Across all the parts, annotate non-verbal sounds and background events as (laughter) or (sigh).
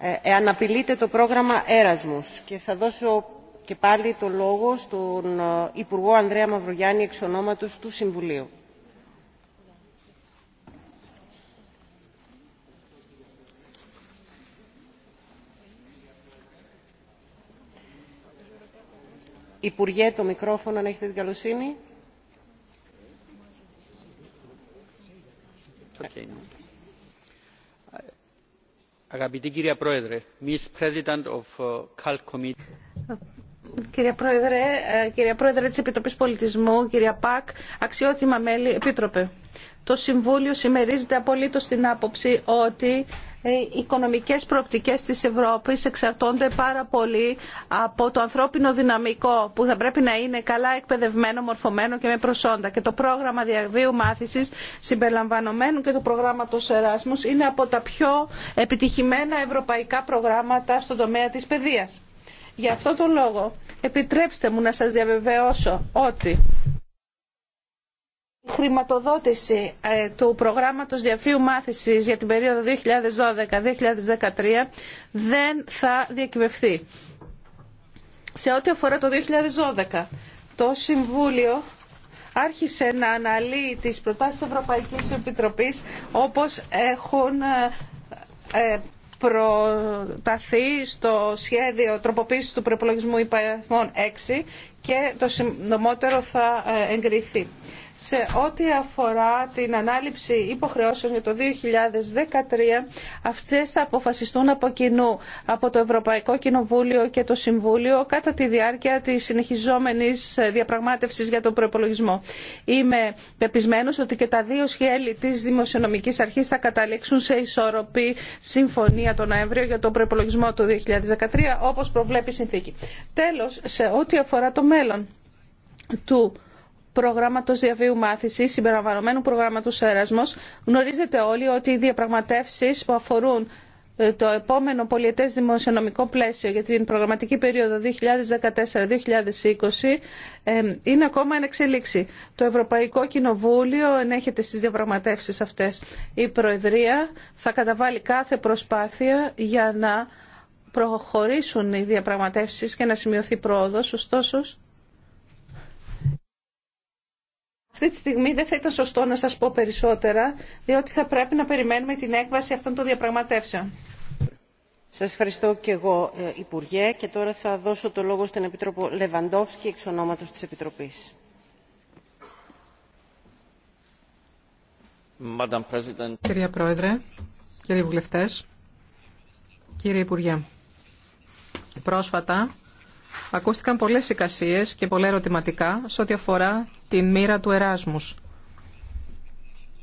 Ε, εάν απειλείται το πρόγραμμα Έρασμους Και θα δώσω και πάλι το λόγο στον ε, Υπουργό Ανδρέα Μαυρογιάννη εξ ονόματος του Συμβουλίου. Υπουργέ, το μικρόφωνο, αν έχετε την καλοσύνη. Αγαπητή κυρία Πρόεδρε, κύριε Κυρία Πρόεδρε, ε, κυρία Πρόεδρε της Επιτροπής Πολιτισμού, κυρία Πακ, αξιότιμα μέλη, Επίτροπε. Το Συμβούλιο συμμερίζεται απολύτως την άποψη ότι οι ε, οικονομικές προοπτικές της Ευρώπης εξαρτώνται πάρα πολύ από το ανθρώπινο δυναμικό που θα πρέπει να είναι καλά εκπαιδευμένο, μορφωμένο και με προσόντα. Και το πρόγραμμα διαβίου μάθησης συμπεριλαμβανομένου και το του των είναι από τα πιο επιτυχημένα ευρωπαϊκά προγράμματα στον τομέα της παιδείας. Γι' αυτό τον λόγο επιτρέψτε μου να σας διαβεβαιώσω ότι χρηματοδότηση ε, του προγράμματος διαφύου μάθησης για την περίοδο 2012-2013 δεν θα διακυβευθεί. Σε ό,τι αφορά το 2012, το Συμβούλιο άρχισε να αναλύει τις προτάσεις Ευρωπαϊκής Επιτροπής όπως έχουν ε, ε, προταθεί στο σχέδιο τροποποίησης του προπολογισμού υπαριθμών 6 και το συντομότερο θα εγκριθεί σε ό,τι αφορά την ανάληψη υποχρεώσεων για το 2013, αυτές θα αποφασιστούν από κοινού από το Ευρωπαϊκό Κοινοβούλιο και το Συμβούλιο κατά τη διάρκεια της συνεχιζόμενης ε, διαπραγμάτευσης για τον προπολογισμό. Είμαι πεπισμένος ότι και τα δύο σχέλη της Δημοσιονομικής Αρχής θα καταλήξουν σε ισορροπή συμφωνία το Νοέμβριο για τον προπολογισμό του 2013, όπως προβλέπει η συνθήκη. Τέλος, σε ό,τι αφορά το μέλλον του προγράμματο διαβίου μάθηση, συμπεριλαμβανομένου προγράμματο Έρασμο, γνωρίζετε όλοι ότι οι διαπραγματεύσει που αφορούν ε, το επόμενο πολιτείας δημοσιονομικό πλαίσιο για την προγραμματική περίοδο 2014-2020 είναι ακόμα εν εξελίξη. Το Ευρωπαϊκό Κοινοβούλιο ενέχεται στι διαπραγματεύσεις αυτέ. Η Προεδρία θα καταβάλει κάθε προσπάθεια για να προχωρήσουν οι διαπραγματεύσεις και να σημειωθεί πρόοδος. Ωστόσο, Αυτή τη στιγμή δεν θα ήταν σωστό να σας πω περισσότερα, διότι θα πρέπει να περιμένουμε την έκβαση αυτών των διαπραγματεύσεων. Σας ευχαριστώ και εγώ, ε, Υπουργέ, και τώρα θα δώσω το λόγο στον Επίτροπο Λεβαντόφσκι, εξ ονόματος της Επιτροπής. Κυρία Πρόεδρε, κύριοι βουλευτές, κύριε Υπουργέ, πρόσφατα Ακούστηκαν πολλές εικασίε και πολλά ερωτηματικά σε ό,τι αφορά τη μοίρα του Εράσμού.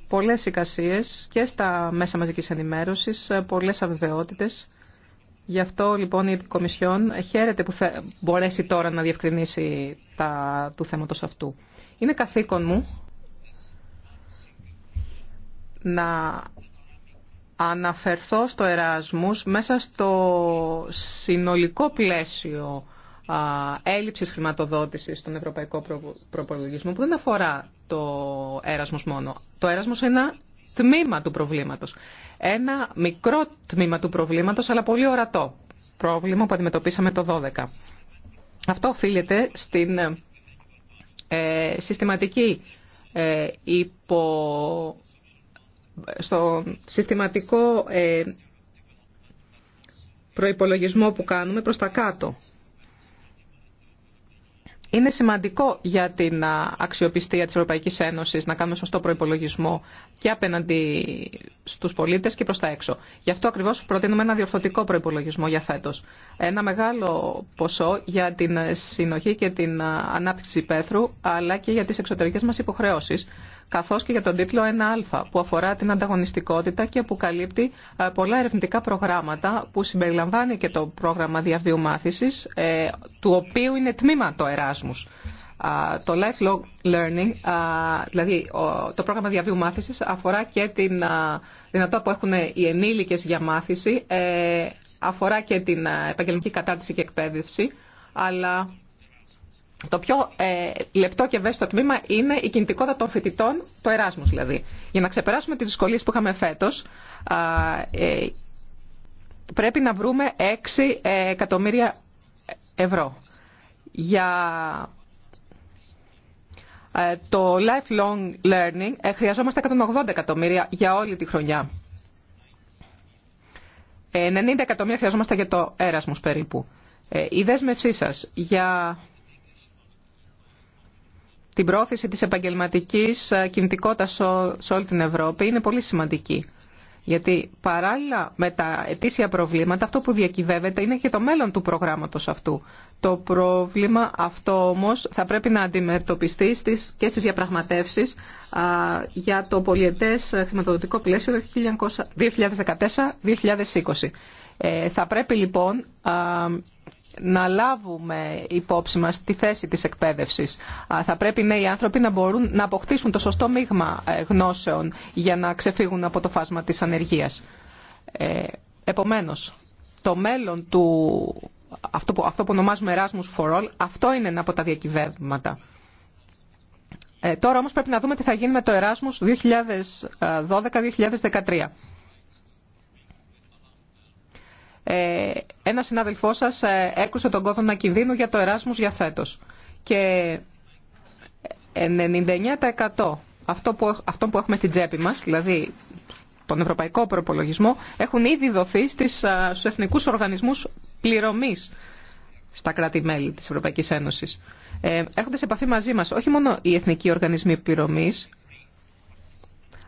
Πολλές εικασίε και στα μέσα μαζικής ενημέρωση, πολλέ αβεβαιότητε. Γι' αυτό λοιπόν η Κομισιόν χαίρεται που μπορέσει τώρα να διευκρινίσει τα... του θέματος αυτού. Είναι καθήκον μου να αναφερθώ στο Εράσμους μέσα στο συνολικό πλαίσιο έλλειψης χρηματοδότησης στον Ευρωπαϊκό Προπολογισμό που δεν αφορά το έρασμος μόνο. Το έρασμος είναι ένα τμήμα του προβλήματος. Ένα μικρό τμήμα του προβλήματος, αλλά πολύ ορατό πρόβλημα που αντιμετωπίσαμε το 2012. Αυτό οφείλεται στην ε, συστηματική ε, υπο, στο συστηματικό ε, προϋπολογισμό που κάνουμε προς τα κάτω. Είναι σημαντικό για την αξιοπιστία της Ευρωπαϊκής Ένωσης να κάνουμε σωστό προϋπολογισμό και απέναντι στους πολίτες και προς τα έξω. Γι' αυτό ακριβώς προτείνουμε ένα διορθωτικό προϋπολογισμό για φέτος. Ένα μεγάλο ποσό για την συνοχή και την ανάπτυξη πέθρου, αλλά και για τις εξωτερικές μας υποχρεώσεις καθώς και για τον τίτλο 1α που αφορά την ανταγωνιστικότητα και που καλύπτει ε, πολλά ερευνητικά προγράμματα που συμπεριλαμβάνει και το πρόγραμμα διαβίου μάθηση, ε, του οποίου είναι τμήμα το Εράσμους. Το lifelong learning, δηλαδή το πρόγραμμα διαβίου μάθησης αφορά και την δυνατότητα που έχουν οι ενήλικες για μάθηση, ε, αφορά και την επαγγελματική κατάρτιση και εκπαίδευση, αλλά το πιο ε, λεπτό και ευαίσθητο τμήμα είναι η κινητικότητα των φοιτητών, το εράσμος δηλαδή. Για να ξεπεράσουμε τις δυσκολίε που είχαμε φέτος, ε, πρέπει να βρούμε 6 ε, εκατομμύρια ευρώ. Για ε, το lifelong learning χρειαζόμαστε 180 εκατομμύρια για όλη τη χρονιά. 90 εκατομμύρια χρειαζόμαστε για το Erasmus περίπου. Η δέσμευσή σας για την πρόθεση της επαγγελματικής ε, κινητικότητας σε όλη την Ευρώπη είναι πολύ σημαντική. Γιατί παράλληλα με τα ετήσια προβλήματα, αυτό που διακυβεύεται είναι και το μέλλον του προγράμματος αυτού. Το πρόβλημα αυτό όμως θα πρέπει να αντιμετωπιστεί στις, και στις διαπραγματεύσεις για το πολιετές ε, χρηματοδοτικό πλαίσιο 2014-2020. Ε, θα πρέπει λοιπόν να λάβουμε υπόψη μας τη θέση της εκπαίδευσης. Θα πρέπει νέοι άνθρωποι να μπορούν να αποκτήσουν το σωστό μείγμα ε, γνώσεων για να ξεφύγουν από το φάσμα της ανεργίας. Ε, επομένως, το μέλλον του, αυτό που, αυτό που ονομάζουμε Erasmus for All, αυτό είναι ένα από τα διακυβεύματα. τώρα όμως πρέπει να δούμε τι θα γίνει με το Erasmus 2012-2013. Ε, ένα συνάδελφό σα ε, έκουσε τον κόδωνα κινδύνου για το Εράσμου για φέτο. Και 99% ε, αυτό που, αυτό που έχουμε στην τσέπη μας, δηλαδή τον ευρωπαϊκό προπολογισμό, έχουν ήδη δοθεί στου εθνικού εθνικούς οργανισμούς στα κράτη-μέλη της Ευρωπαϊκής Ένωσης. Ε, σε επαφή μαζί μας όχι μόνο οι εθνικοί οργανισμοί πληρωμή,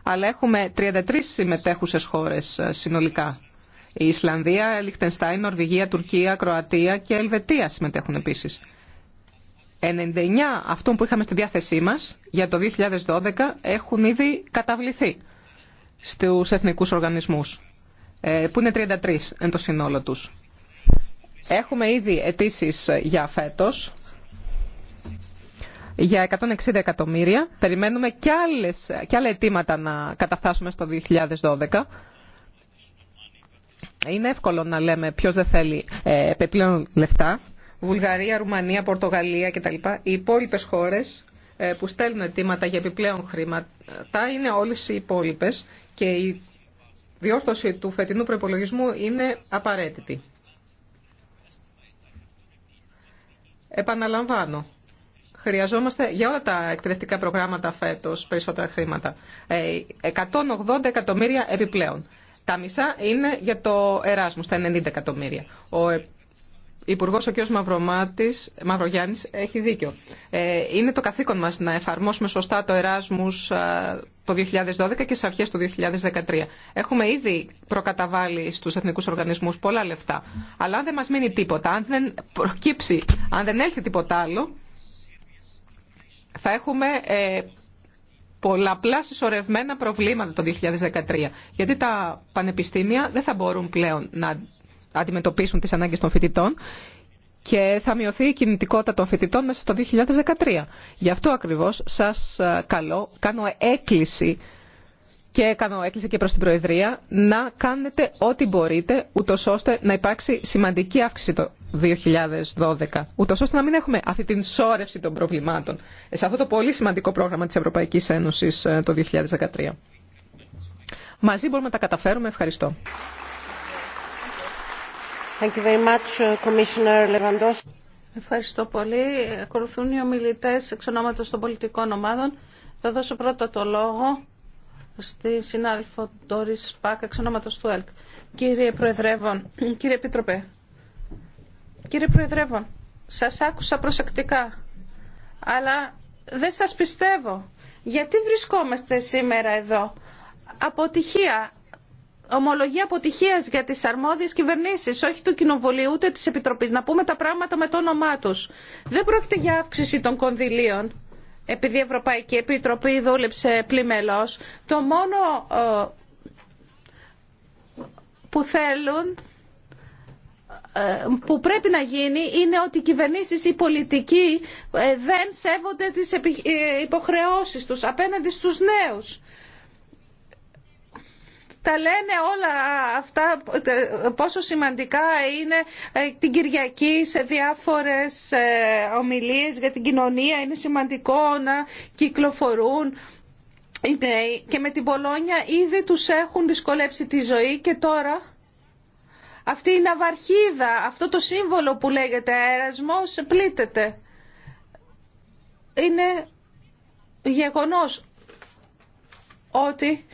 αλλά έχουμε 33 συμμετέχουσες χώρε ε, συνολικά η Ισλανδία, Λιχτενστάιν, Νορβηγία, Τουρκία, Κροατία και Ελβετία συμμετέχουν επίσης. 99 αυτών που είχαμε στη διάθεσή μας για το 2012 έχουν ήδη καταβληθεί στους εθνικούς οργανισμούς, ε, που είναι 33 εν το σύνολο τους. Έχουμε ήδη αιτήσει για φέτο, για 160 εκατομμύρια. Περιμένουμε και, άλλες, και άλλα αιτήματα να καταφτάσουμε στο 2012 είναι εύκολο να λέμε ποιο δεν θέλει ε, επιπλέον λεφτά. Βουλγαρία, Ρουμανία, Πορτογαλία κτλ. Οι υπόλοιπε χώρες ε, που στέλνουν αιτήματα για επιπλέον χρήματα είναι όλες οι υπόλοιπε και η διόρθωση του φετινού προπολογισμού είναι απαραίτητη. Επαναλαμβάνω, χρειαζόμαστε για όλα τα εκπαιδευτικά προγράμματα φέτος περισσότερα χρήματα. 180 ε, εκατομμύρια επιπλέον. Τα μισά είναι για το Εράσμου, τα 90 εκατομμύρια. Ο ε, Υπουργό ο κ. Μαυρογιάννη έχει δίκιο. Ε, είναι το καθήκον μας να εφαρμόσουμε σωστά το Εράσμους ε, το 2012 και στι αρχέ του 2013. Έχουμε ήδη προκαταβάλει στους εθνικούς οργανισμούς πολλά λεφτά. Αλλά αν δεν μας μείνει τίποτα, αν δεν προκύψει, αν δεν έλθει τίποτα άλλο, θα έχουμε πολλαπλά συσσωρευμένα προβλήματα το 2013. Γιατί τα πανεπιστήμια δεν θα μπορούν πλέον να αντιμετωπίσουν τις ανάγκες των φοιτητών και θα μειωθεί η κινητικότητα των φοιτητών μέσα στο 2013. Γι' αυτό ακριβώς σας ε, καλώ, κάνω έκκληση και κάνω έκκληση και προς την Προεδρία να κάνετε ό,τι μπορείτε ούτω ώστε να υπάρξει σημαντική αύξηση 2012, ούτως ώστε να μην έχουμε αυτή την σώρευση των προβλημάτων σε αυτό το πολύ σημαντικό πρόγραμμα της Ευρωπαϊκής Ένωσης ε, το 2013. Μαζί μπορούμε να τα καταφέρουμε. Ευχαριστώ. Uh, Ευχαριστώ πολύ. Ακολουθούν οι ομιλητέ εξ ονόματο των πολιτικών ομάδων. Θα δώσω πρώτα το λόγο στη συνάδελφο Ντόρι Πάκ εξ του ΕΛΚ. Κύριε Προεδρεύον, (clears throat) κύριε Επίτροπε, Κύριε Προεδρεύον, σας άκουσα προσεκτικά, αλλά δεν σας πιστεύω. Γιατί βρισκόμαστε σήμερα εδώ. Αποτυχία. Ομολογία αποτυχίας για τις αρμόδιες κυβερνήσεις, όχι του Κοινοβουλίου ούτε της Επιτροπής. Να πούμε τα πράγματα με το όνομά τους. Δεν πρόκειται για αύξηση των κονδυλίων επειδή η Ευρωπαϊκή Επιτροπή δούλεψε πλημελώς, το μόνο ε, που θέλουν ε, που πρέπει να γίνει είναι ότι οι κυβερνήσεις, οι πολιτικοί ε, δεν σέβονται τις ε, υποχρεώσεις τους απέναντι στους νέους. Τα λένε όλα αυτά πόσο σημαντικά είναι την Κυριακή σε διάφορες ομιλίες για την κοινωνία. Είναι σημαντικό να κυκλοφορούν Και με την Πολόνια ήδη τους έχουν δυσκολέψει τη ζωή και τώρα αυτή η ναυαρχίδα, αυτό το σύμβολο που λέγεται αερασμός πλήττεται. Είναι γεγονός ότι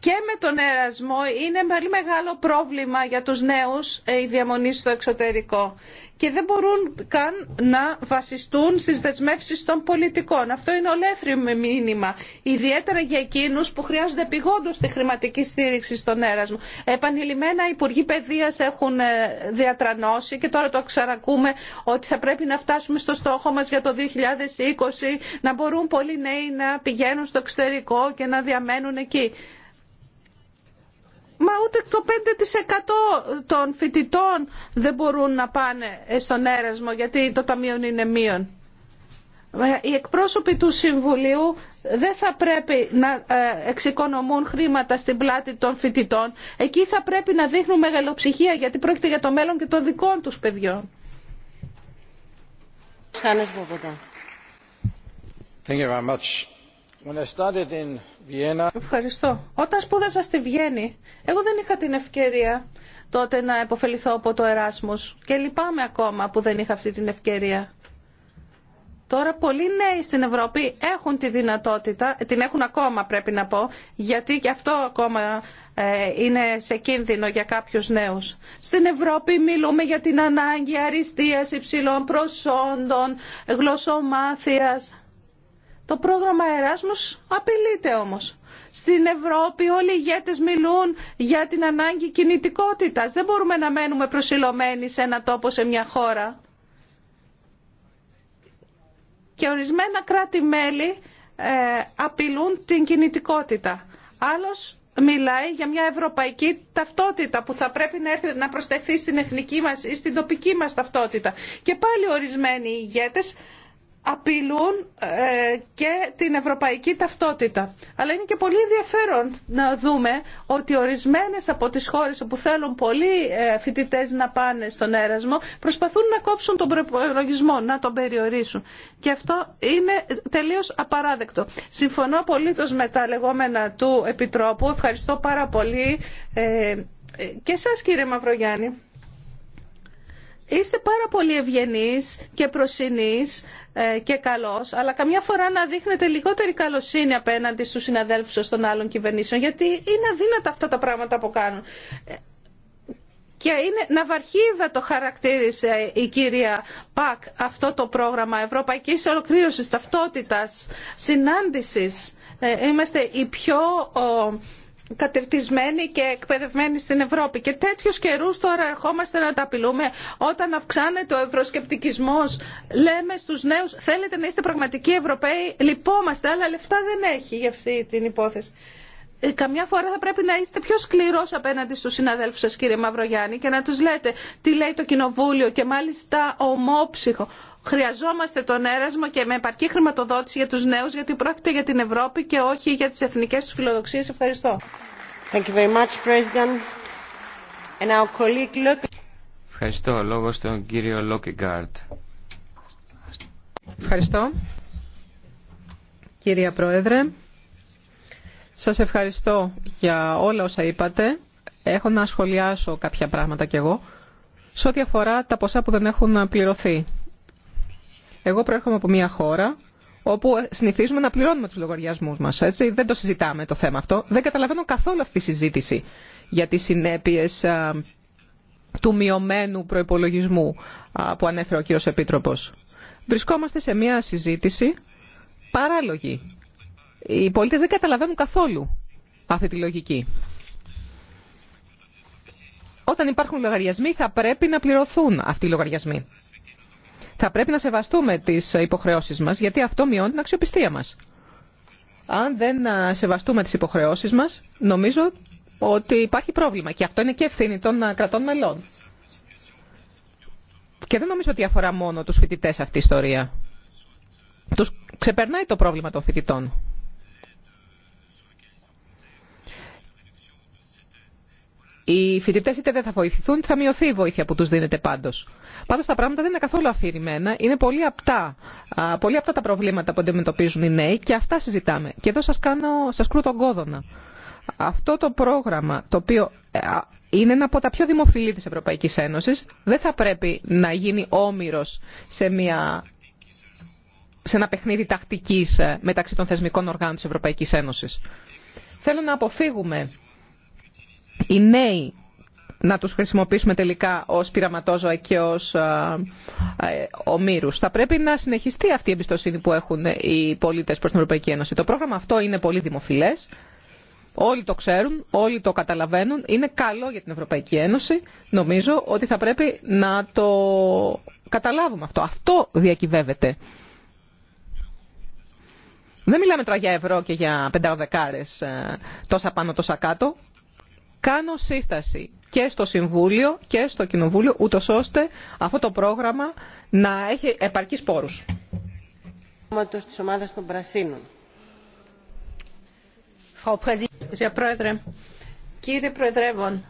και με τον ερασμό είναι πολύ μεγάλο πρόβλημα για τους νέους ε, η διαμονή στο εξωτερικό και δεν μπορούν καν να βασιστούν στις δεσμεύσεις των πολιτικών. Αυτό είναι ολέθριο μήνυμα, ιδιαίτερα για εκείνους που χρειάζονται επιγόντως τη χρηματική στήριξη στον έρασμο. Επανειλημμένα οι Υπουργοί Παιδείας έχουν ε, διατρανώσει και τώρα το ξαρακούμε ότι θα πρέπει να φτάσουμε στο στόχο μας για το 2020 να μπορούν πολλοί νέοι να πηγαίνουν στο εξωτερικό και να διαμένουν εκεί. Μα ούτε το 5% των φοιτητών δεν μπορούν να πάνε στον έρασμο γιατί το ταμείο είναι μείον. Ε, οι εκπρόσωποι του Συμβουλίου δεν θα πρέπει να ε, εξοικονομούν χρήματα στην πλάτη των φοιτητών. Εκεί θα πρέπει να δείχνουν μεγαλοψυχία γιατί πρόκειται για το μέλλον και των δικών τους παιδιών. Thank you very much. Ευχαριστώ. Όταν σπούδασα στη Βιέννη, εγώ δεν είχα την ευκαιρία τότε να επωφεληθώ από το Εράσμος και λυπάμαι ακόμα που δεν είχα αυτή την ευκαιρία. Τώρα πολλοί νέοι στην Ευρώπη έχουν τη δυνατότητα, την έχουν ακόμα πρέπει να πω, γιατί και αυτό ακόμα ε, είναι σε κίνδυνο για κάποιους νέους. Στην Ευρώπη μιλούμε για την ανάγκη αριστείας υψηλών προσόντων, γλωσσομάθειας. Το πρόγραμμα Εράσμους απειλείται όμως. Στην Ευρώπη όλοι οι ηγέτες μιλούν για την ανάγκη κινητικότητας. Δεν μπορούμε να μένουμε προσιλωμένοι σε ένα τόπο, σε μια χώρα. Και ορισμένα κράτη-μέλη ε, απειλούν την κινητικότητα. Άλλος μιλάει για μια ευρωπαϊκή ταυτότητα που θα πρέπει να, έρθει, να προσθεθεί στην εθνική μας ή στην τοπική μας ταυτότητα. Και πάλι ορισμένοι ηγέτες απειλούν ε, και την ευρωπαϊκή ταυτότητα. Αλλά είναι και πολύ ενδιαφέρον να δούμε ότι ορισμένες από τις χώρες που θέλουν πολλοί ε, φοιτητές να πάνε στον έρασμο προσπαθούν να κόψουν τον προπολογισμό, να τον περιορίσουν. Και αυτό είναι τελείως απαράδεκτο. Συμφωνώ πολύ με τα λεγόμενα του Επιτρόπου. Ευχαριστώ πάρα πολύ ε, και σας κύριε Μαυρογιάννη. Είστε πάρα πολύ ευγενείς και προσινείς ε, και καλός, αλλά καμιά φορά να δείχνετε λιγότερη καλοσύνη απέναντι στους συναδέλφους σας των άλλων κυβερνήσεων, γιατί είναι αδύνατα αυτά τα πράγματα που κάνουν. Ε, και είναι ναυαρχίδα το χαρακτήρισε η κυρία Πακ αυτό το πρόγραμμα Ευρωπαϊκής Ολοκλήρωσης Ταυτότητας Συνάντησης. Ε, είμαστε οι πιο κατερτισμένοι και εκπαιδευμένοι στην Ευρώπη. Και τέτοιους καιρούς τώρα ερχόμαστε να τα απειλούμε όταν αυξάνεται ο ευρωσκεπτικισμό. Λέμε στου νέου θέλετε να είστε πραγματικοί Ευρωπαίοι, λυπόμαστε, αλλά λεφτά δεν έχει για αυτή την υπόθεση. Ε, καμιά φορά θα πρέπει να είστε πιο σκληρός απέναντι στους συναδέλφους σας κύριε Μαυρογιάννη και να τους λέτε τι λέει το Κοινοβούλιο και μάλιστα ομόψυχο. Χρειαζόμαστε τον έρασμο και με επαρκή χρηματοδότηση για τους νέους, γιατί πρόκειται για την Ευρώπη και όχι για τις εθνικές τους φιλοδοξίες. Ευχαριστώ. Thank you very much, President. And our colleague... Ευχαριστώ. Λόγο στον κύριο Λόκεγκάρτ. Ευχαριστώ. κύριε Πρόεδρε, σας ευχαριστώ για όλα όσα είπατε. Έχω να σχολιάσω κάποια πράγματα κι εγώ σε ό,τι αφορά τα ποσά που δεν έχουν πληρωθεί. Εγώ προέρχομαι από μια χώρα όπου συνηθίζουμε να πληρώνουμε τους λογαριασμούς μας, έτσι, δεν το συζητάμε το θέμα αυτό. Δεν καταλαβαίνω καθόλου αυτή τη συζήτηση για τις συνέπειες του μειωμένου προϋπολογισμού που ανέφερε ο κύριος Επίτροπος. Βρισκόμαστε σε μια συζήτηση παράλογη. Οι πολίτες δεν καταλαβαίνουν καθόλου αυτή τη λογική. Όταν υπάρχουν λογαριασμοί θα πρέπει να πληρωθούν αυτοί οι λογαριασμοί θα πρέπει να σεβαστούμε τις υποχρεώσεις μας, γιατί αυτό μειώνει την αξιοπιστία μας. Αν δεν σεβαστούμε τις υποχρεώσεις μας, νομίζω ότι υπάρχει πρόβλημα και αυτό είναι και ευθύνη των κρατών μελών. Και δεν νομίζω ότι αφορά μόνο τους φοιτητέ αυτή η ιστορία. Τους ξεπερνάει το πρόβλημα των φοιτητών. Οι φοιτητέ είτε δεν θα βοηθηθούν, θα μειωθεί η βοήθεια που του δίνεται πάντω. Πάντω τα πράγματα δεν είναι καθόλου αφηρημένα, είναι πολύ απτά. Πολύ απτά τα προβλήματα που αντιμετωπίζουν οι νέοι και αυτά συζητάμε. Και εδώ σα κάνω, σα κρούω τον κόδωνα. Αυτό το πρόγραμμα, το οποίο ε, είναι ένα από τα πιο δημοφιλή της Ευρωπαϊκής Ένωσης, δεν θα πρέπει να γίνει όμοιρος σε, μια, σε ένα παιχνίδι τακτικής ε, μεταξύ των θεσμικών οργάνων της Ευρωπαϊκής Ένωσης. Θέλω να αποφύγουμε οι νέοι να τους χρησιμοποιήσουμε τελικά ως πειραματόζωα και ως ε, ε, ομήρους. Θα πρέπει να συνεχιστεί αυτή η εμπιστοσύνη που έχουν οι πολίτες προς την Ευρωπαϊκή Ένωση. Το πρόγραμμα αυτό είναι πολύ δημοφιλές. Όλοι το ξέρουν, όλοι το καταλαβαίνουν. Είναι καλό για την Ευρωπαϊκή Ένωση. Νομίζω ότι θα πρέπει να το καταλάβουμε αυτό. Αυτό διακυβεύεται. Δεν μιλάμε τώρα για ευρώ και για πεντάδεκάρες ε, τόσα πάνω τόσα κάτω. Κάνω σύσταση και στο Συμβούλιο και στο Κοινοβούλιο, ούτω ώστε αυτό το πρόγραμμα να έχει επαρκή πόρους. των Κύριε Πρόεδρε, κύριε Προεδρεύον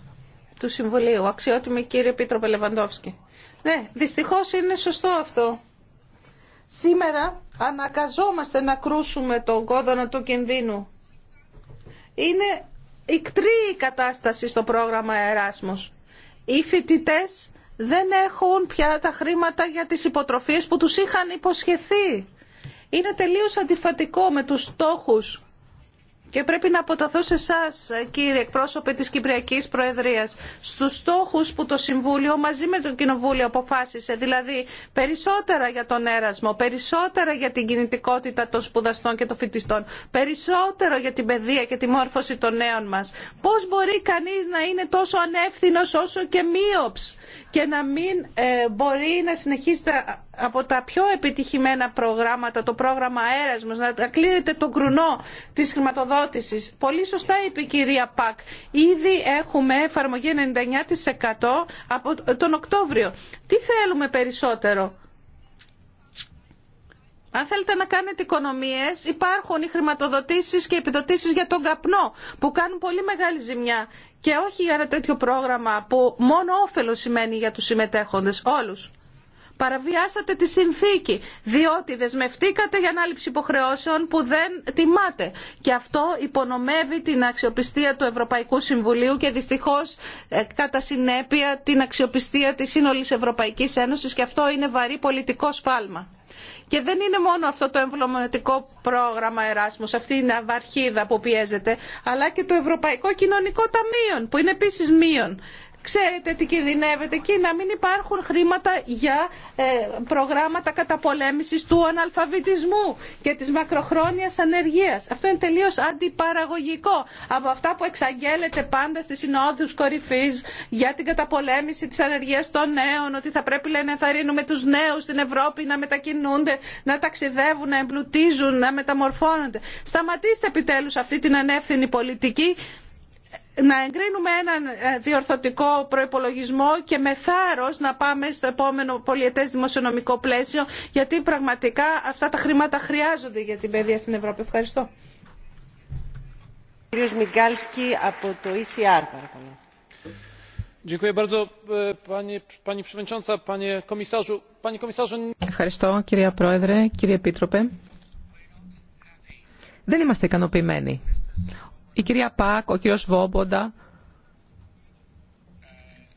του Συμβουλίου, αξιότιμη κύριε Επίτροπε Λεβαντόφσκι. Ναι, δυστυχώς είναι σωστό αυτό. Σήμερα ανακαζόμαστε να κρούσουμε τον κόδωνα του κινδύνου. Είναι ικτρή η κατάσταση στο πρόγραμμα Εράσμος. Οι φοιτητέ δεν έχουν πια τα χρήματα για τις υποτροφίες που τους είχαν υποσχεθεί. Είναι τελείως αντιφατικό με τους στόχους και πρέπει να αποταθώ σε εσά, κύριε εκπρόσωπε τη Κυπριακή Προεδρία, στου στόχου που το Συμβούλιο μαζί με το Κοινοβούλιο αποφάσισε, δηλαδή περισσότερα για τον έρασμο, περισσότερα για την κινητικότητα των σπουδαστών και των φοιτητών, περισσότερο για την παιδεία και τη μόρφωση των νέων μα. Πώ μπορεί κανεί να είναι τόσο ανεύθυνο όσο και μείοψ και να μην ε, μπορεί να συνεχίσει από τα πιο επιτυχημένα προγράμματα, το πρόγραμμα Έρασμος, να κλείνεται τον κρουνό τη χρηματοδότηση Πολύ σωστά είπε η κυρία Πακ. Ήδη έχουμε εφαρμογή 99% από τον Οκτώβριο. Τι θέλουμε περισσότερο. Αν θέλετε να κάνετε οικονομίες, υπάρχουν οι χρηματοδοτήσεις και επιδοτήσεις για τον καπνό, που κάνουν πολύ μεγάλη ζημιά και όχι για ένα τέτοιο πρόγραμμα που μόνο όφελο σημαίνει για τους συμμετέχοντες, όλους. Παραβιάσατε τη συνθήκη, διότι δεσμευτήκατε για ανάληψη υποχρεώσεων που δεν τιμάτε. Και αυτό υπονομεύει την αξιοπιστία του Ευρωπαϊκού Συμβουλίου και δυστυχώς ε, κατά συνέπεια την αξιοπιστία της σύνολης Ευρωπαϊκής Ένωσης και αυτό είναι βαρύ πολιτικό σφάλμα. Και δεν είναι μόνο αυτό το εμβληματικό πρόγραμμα εράσμους, αυτή η αυαρχίδα που πιέζεται, αλλά και το Ευρωπαϊκό Κοινωνικό Ταμείο, που είναι επίση μείον ξέρετε τι κινδυνεύεται και να μην υπάρχουν χρήματα για ε, προγράμματα καταπολέμησης του αναλφαβητισμού και της μακροχρόνιας ανεργίας. Αυτό είναι τελείως αντιπαραγωγικό από αυτά που εξαγγέλλεται πάντα στις συνόδους κορυφής για την καταπολέμηση της ανεργίας των νέων, ότι θα πρέπει λένε, θα του τους νέους στην Ευρώπη να μετακινούνται, να ταξιδεύουν, να εμπλουτίζουν, να μεταμορφώνονται. Σταματήστε επιτέλους αυτή την ανεύθυνη πολιτική να εγκρίνουμε έναν ε, διορθωτικό προπολογισμό και με θάρρος να πάμε στο επόμενο πολιετές δημοσιονομικό πλαίσιο, γιατί πραγματικά αυτά τα χρήματα χρειάζονται για την παιδεία στην Ευρώπη. Ευχαριστώ. Ευχαριστώ κυρία Πρόεδρε, κύριε Επίτροπε. Δεν είμαστε ικανοποιημένοι η κυρία Πάκ, ο κύριος Βόμποντα,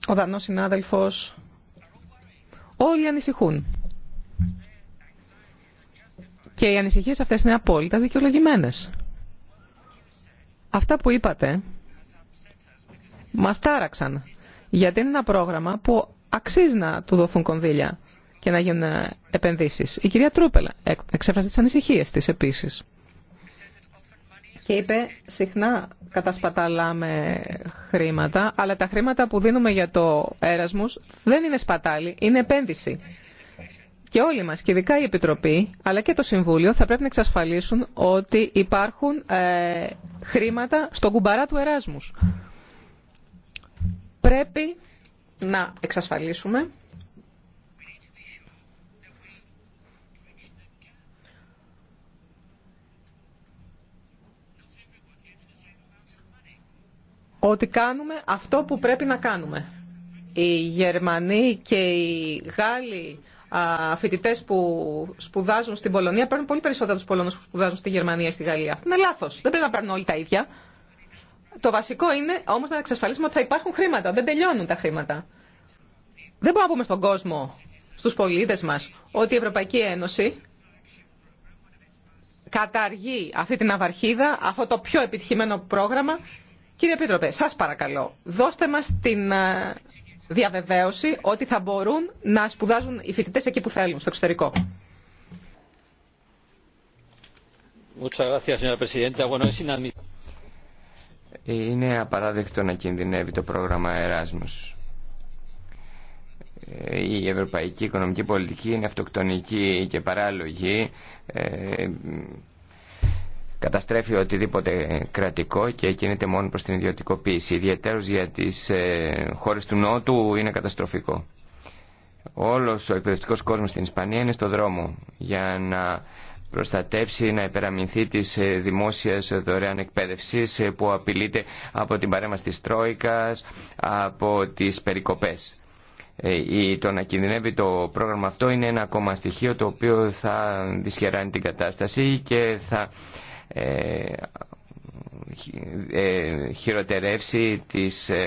ο Δανός συνάδελφος, όλοι ανησυχούν. Και οι ανησυχίες αυτές είναι απόλυτα δικαιολογημένες. Αυτά που είπατε μας τάραξαν, γιατί είναι ένα πρόγραμμα που αξίζει να του δοθούν κονδύλια και να γίνουν επενδύσεις. Η κυρία Τρούπελα εξέφρασε τις ανησυχίες της επίσης. Και είπε, συχνά κατασπαταλάμε χρήματα, αλλά τα χρήματα που δίνουμε για το έρασμος δεν είναι σπατάλη, είναι επένδυση. Και όλοι μας, και ειδικά η Επιτροπή, αλλά και το Συμβούλιο, θα πρέπει να εξασφαλίσουν ότι υπάρχουν ε, χρήματα στον κουμπαρά του Εράσμους. Πρέπει να εξασφαλίσουμε ότι κάνουμε αυτό που πρέπει να κάνουμε. Οι Γερμανοί και οι Γάλλοι φοιτητέ που σπουδάζουν στην Πολωνία παίρνουν πολύ περισσότερα του Πολωνού που σπουδάζουν στη Γερμανία ή στη Γαλλία. Αυτό είναι λάθο. Δεν πρέπει να παίρνουν όλοι τα ίδια. Το βασικό είναι όμω να εξασφαλίσουμε ότι θα υπάρχουν χρήματα. Δεν τελειώνουν τα χρήματα. Δεν μπορούμε να πούμε στον κόσμο, στου πολίτε μα, ότι η Ευρωπαϊκή Ένωση καταργεί αυτή την αυαρχίδα, αυτό το πιο επιτυχημένο πρόγραμμα Κύριε Επίτροπε, σας παρακαλώ, δώστε μας την ε, διαβεβαίωση ότι θα μπορούν να σπουδάζουν οι φοιτητέ εκεί που θέλουν, στο εξωτερικό. Είναι απαράδεκτο να κινδυνεύει το πρόγραμμα Εράσμους. Ε, η ευρωπαϊκή οικονομική πολιτική είναι αυτοκτονική και παράλογη ε, καταστρέφει οτιδήποτε κρατικό και κινείται μόνο προς την ιδιωτικοποίηση. Ιδιαίτερως για τις ε, χώρες του Νότου είναι καταστροφικό. Όλος ο εκπαιδευτικός κόσμος στην Ισπανία είναι στο δρόμο για να προστατεύσει, να υπεραμεινθεί της ε, δημόσιας δωρεάν εκπαίδευσης ε, που απειλείται από την παρέμβαση της Τρόικας, από τις περικοπές. Το να κινδυνεύει το πρόγραμμα αυτό είναι ένα ακόμα στοιχείο το οποίο θα δυσχεράνει την κατάσταση και θα ε, ε, χειροτερεύσει τις ε,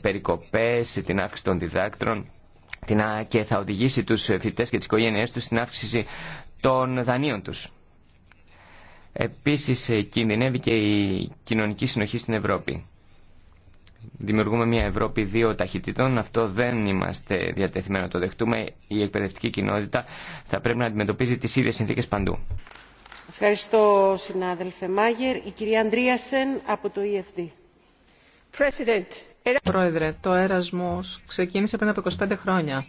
περικοπές, την αύξηση των διδάκτρων και θα οδηγήσει τους φοιτητές και τις οικογένειές τους στην αύξηση των δανείων τους. Επίσης κινδυνεύει και η κοινωνική συνοχή στην Ευρώπη. Δημιουργούμε μια Ευρώπη δύο ταχυτήτων, αυτό δεν είμαστε διατεθειμένοι να το δεχτούμε. Η εκπαιδευτική κοινότητα θα πρέπει να αντιμετωπίζει τις ίδιες συνθήκες παντού. Ευχαριστώ, συνάδελφε Μάγερ. Η κυρία από το EFD. Πρόεδρε, το Έρασμος ξεκίνησε πριν από 25 χρόνια